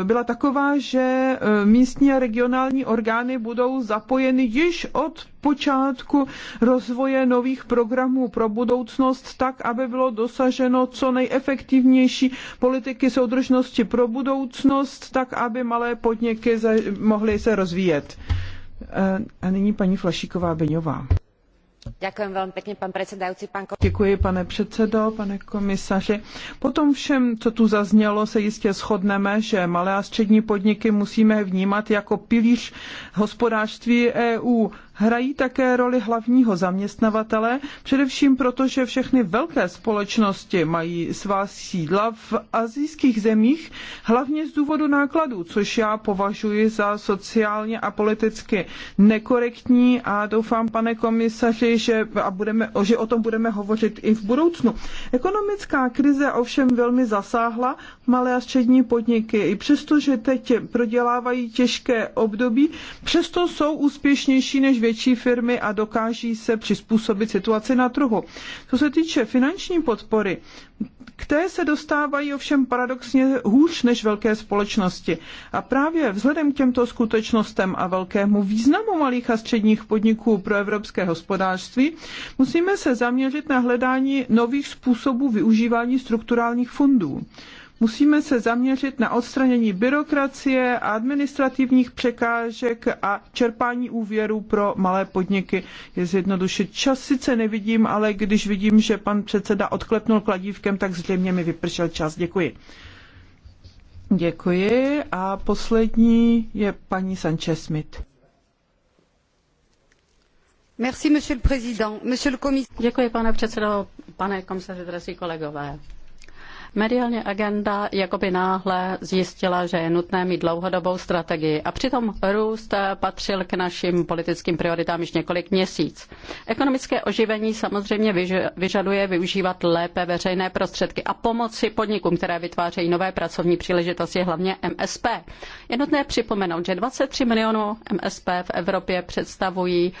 e, byla taková, že e, místní a regionální orgány budou zapojeny již od počátku rozvoje nových programů pro budoucnost tak, aby bylo dosaženo co nejefektivnější politiky soudržnosti pro budoucnost, tak, aby malé podniky mohly se rozvíjet. E, a nyní paní Flašíková Beňová. Děkuji, pane předsedo, komisaři. Po tom všem, co tu zaznělo, se jistě shodneme, že malé a střední podniky musíme vnímat jako pilíř hospodářství EU hrají také roli hlavního zaměstnavatele, především proto, že všechny velké společnosti mají svá sídla v azijských zemích, hlavně z důvodu nákladů, což já považuji za sociálně a politicky nekorektní a doufám, pane komisaři, že, a budeme, že o tom budeme hovořit i v budoucnu. Ekonomická krize ovšem velmi zasáhla malé a střední podniky. I přesto, že teď prodělávají těžké období, přesto jsou úspěšnější než větší firmy a dokáží se přizpůsobit situaci na trhu. Co se týče finanční podpory, k té se dostávají ovšem paradoxně hůř než velké společnosti. A právě vzhledem k těmto skutečnostem a velkému významu malých a středních podniků pro evropské hospodářství musíme se zaměřit na hledání nových způsobů využívání strukturálních fondů. Musíme se zaměřit na odstranění byrokracie a administrativních překážek a čerpání úvěrů pro malé podniky. Je zjednodušit čas, sice nevidím, ale když vidím, že pan předseda odklepnul kladívkem, tak zřejmě mi vypršel čas. Děkuji. Děkuji a poslední je paní Sanchez Smith. Merci, monsieur le président. Monsieur le Děkuji, pane předsedo, pane komisaři, drazí kolegové. Mediální agenda jakoby náhle zjistila, že je nutné mít dlouhodobou strategii a přitom růst patřil k našim politickým prioritám již několik měsíc. Ekonomické oživení samozřejmě vyžaduje využívat lépe veřejné prostředky a pomoci podnikům, které vytvářejí nové pracovní příležitosti, hlavně MSP. Je nutné připomenout, že 23 milionů MSP v Evropě představují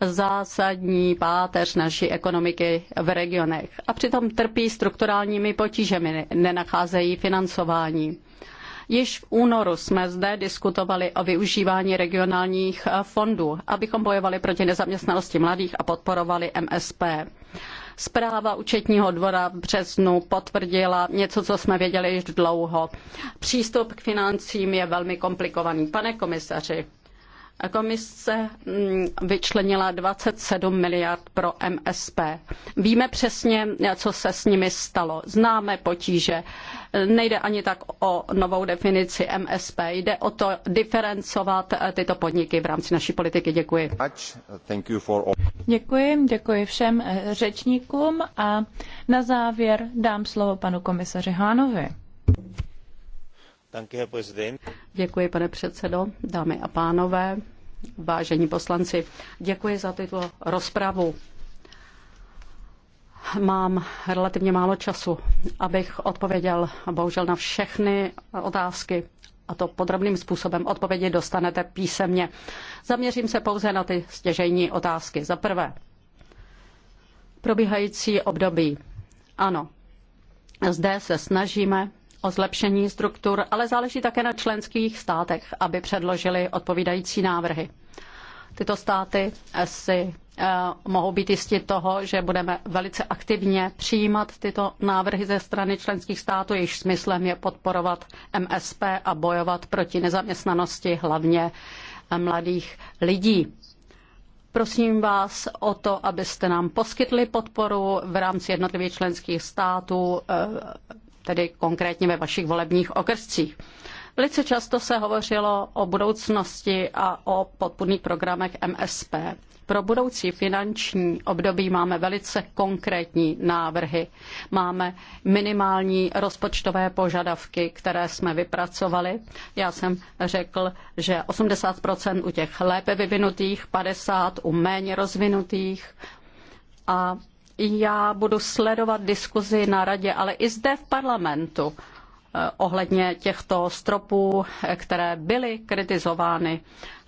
zásadní páteř naší ekonomiky v regionech a přitom trpí strukturálními potížemi nenacházejí financování. Již v únoru jsme zde diskutovali o využívání regionálních fondů, abychom bojovali proti nezaměstnanosti mladých a podporovali MSP. Zpráva účetního dvora v březnu potvrdila něco, co jsme věděli již dlouho. Přístup k financím je velmi komplikovaný. Pane komisaři, Komise mm, vyčlenila 27 miliard pro MSP. Víme přesně, co se s nimi stalo. Známe potíže. Nejde ani tak o novou definici MSP. Jde o to diferencovat eh, tyto podniky v rámci naší politiky. Děkuji. Děkuji, děkuji všem eh, řečníkům a na závěr dám slovo panu komisaři Hánovi. Děkuji, pane předsedo, dámy a pánové, vážení poslanci. Děkuji za tuto rozpravu. Mám relativně málo času, abych odpověděl bohužel na všechny otázky a to podrobným způsobem. Odpovědi dostanete písemně. Zaměřím se pouze na ty stěžejní otázky. Za prvé, probíhající období. Ano, zde se snažíme o zlepšení struktur, ale záleží také na členských státech, aby předložili odpovídající návrhy. Tyto státy si eh, mohou být jisti toho, že budeme velice aktivně přijímat tyto návrhy ze strany členských států, jejichž smyslem je podporovat MSP a bojovat proti nezaměstnanosti, hlavně eh, mladých lidí. Prosím vás o to, abyste nám poskytli podporu v rámci jednotlivých členských států eh, tedy konkrétně ve vašich volebních okrscích. Velice často se hovořilo o budoucnosti a o podpůrných programech MSP. Pro budoucí finanční období máme velice konkrétní návrhy. Máme minimální rozpočtové požadavky, které jsme vypracovali. Já jsem řekl, že 80 u těch lépe vyvinutých, 50 u méně rozvinutých a já budu sledovat diskuzi na radě, ale i zde v parlamentu eh, ohledně těchto stropů, které byly kritizovány.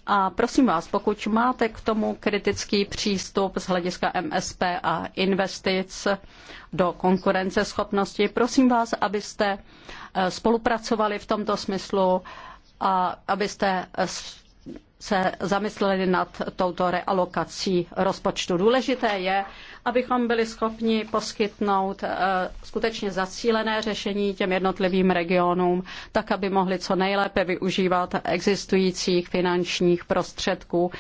A prosím vás, pokud máte k tomu kritický přístup z hlediska MSP a investic do konkurenceschopnosti, prosím vás, abyste eh, spolupracovali v tomto smyslu a abyste se zamysleli nad touto realokací rozpočtu. Důležité je, abychom byli schopni poskytnout eh, skutečně zacílené řešení těm jednotlivým regionům, tak aby mohli co nejlépe využívat existujících finančních prostředků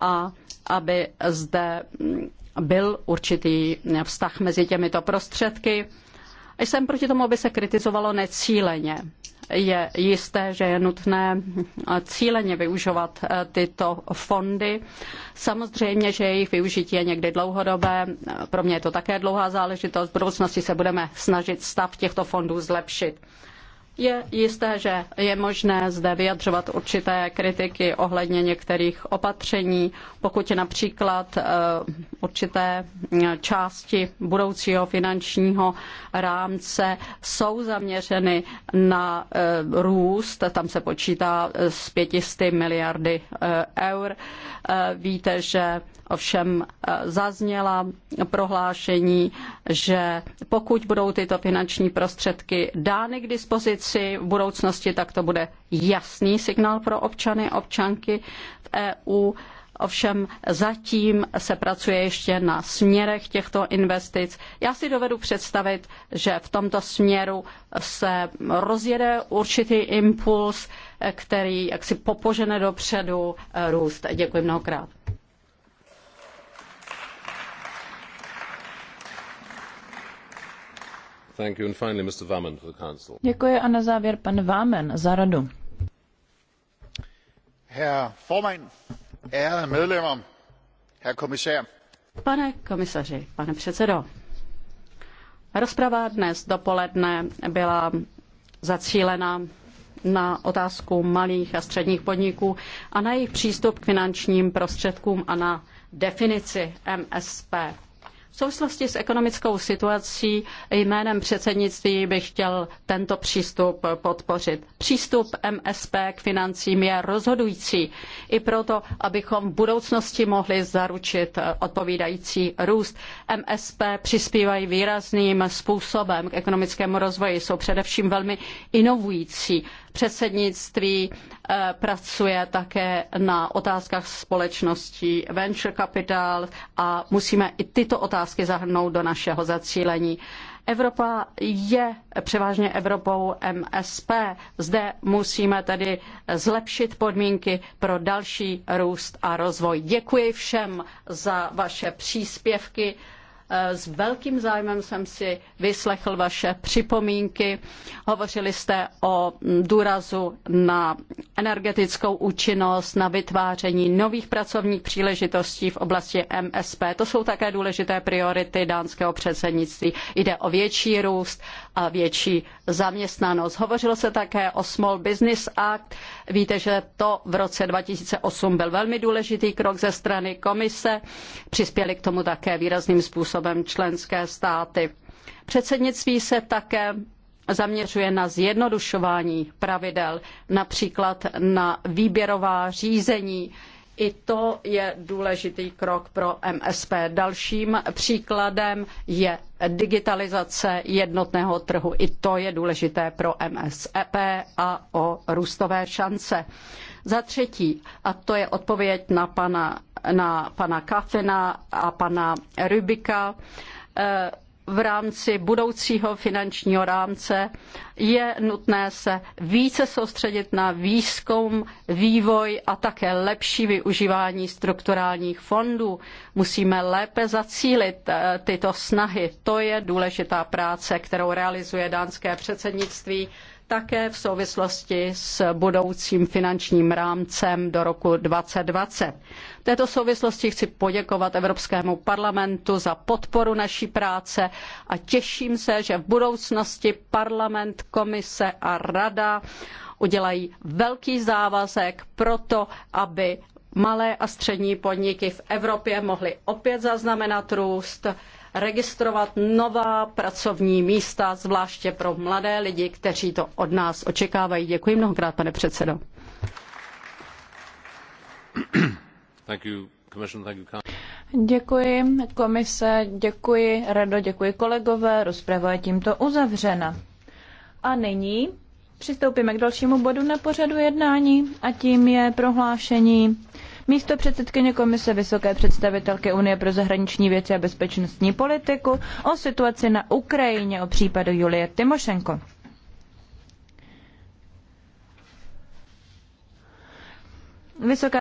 a aby zde mm, byl určitý vztah mezi těmito prostředky. Jsem proti tomu, aby se kritizovalo necíleně. Je jisté, že je nutné cíleně využívat eh, tyto fondy. Samozřejmě, že jejich využití je někdy dlouhodobé. Pro mě je to také dlouhá záležitost. V budoucnosti se budeme snažit stav těchto fondů zlepšit. Je jisté, že je možné zde vyjadřovat určité kritiky ohledně některých opatření, pokud například eh, určité eh, části budoucího finančního rámce jsou zaměřeny na eh, růst, tam se počítá z 500 miliardy eur. Víte, že Ovšem eh, zazněla prohlášení, že pokud budou tyto finanční prostředky dány k dispozici v budoucnosti, tak to bude jasný signál pro občany, občanky v EU. Ovšem zatím se pracuje ještě na směrech těchto investic. Já si dovedu představit, že v tomto směru se rozjede určitý impuls, který jaksi popožene dopředu eh, růst. Děkuji mnohokrát. Děkuji a na závěr pan Vámen za radu. Pane komisaři, pane předsedo, rozprava dnes dopoledne byla zacílena na otázku malých a středních podniků a na jejich přístup k finančním prostředkům a na definici MSP. V souvislosti s ekonomickou situací jménem předsednictví bych chtěl tento přístup podpořit. Přístup MSP k financím je rozhodující i proto, abychom v budoucnosti mohli zaručit odpovídající růst. MSP přispívají výrazným způsobem k ekonomickému rozvoji, jsou především velmi inovující Předsednictví eh, pracuje také na otázkách společností venture capital a musíme i tyto otázky zahrnout do našeho zacílení. Evropa je převážně Evropou MSP. Zde musíme tedy zlepšit podmínky pro další růst a rozvoj. Děkuji všem za vaše příspěvky. Eh, s velkým zájmem jsem si vyslechl vaše připomínky. Hovořili jste o mm, důrazu na energetickou účinnost, na vytváření nových pracovních příležitostí v oblasti MSP. To jsou také důležité priority dánského předsednictví. Jde o větší růst a větší zaměstnanost. Hovořilo se také o Small Business Act. Víte, že to v roce 2008 byl velmi důležitý krok ze strany komise. Přispěli k tomu také výrazným způsobem členské státy. Předsednictví se také zaměřuje na zjednodušování pravidel, například na výběrová řízení i to je důležitý krok pro MSP. Dalším příkladem je digitalizace jednotného trhu. I to je důležité pro MSEP a o růstové šance. Za třetí, a to je odpověď na pana, na pana Kafina a pana Rybika, v rámci budoucího finančního rámce je nutné se více soustředit na výzkum, vývoj a také lepší využívání strukturálních fondů. Musíme lépe zacílit eh, tyto snahy. To je důležitá práce, kterou realizuje dánské předsednictví také v souvislosti s budoucím finančním rámcem do roku 2020. V této souvislosti chci poděkovat Evropskému parlamentu za podporu naší práce a těším se, že v budoucnosti parlament, komise a rada udělají velký závazek pro to, aby malé a střední podniky v Evropě mohly opět zaznamenat růst, registrovat nová pracovní místa, zvláště pro mladé lidi, kteří to od nás očekávají. Děkuji mnohokrát, pane předsedo. Děkuji komise, děkuji Rado, děkuji kolegové, rozprava je tímto uzavřena. A nyní přistoupíme k dalšímu bodu na pořadu jednání a tím je prohlášení místo předsedkyně Komise Vysoké představitelky Unie pro zahraniční věci a bezpečnostní politiku o situaci na Ukrajině o případu Julie Timošenko. Vysoká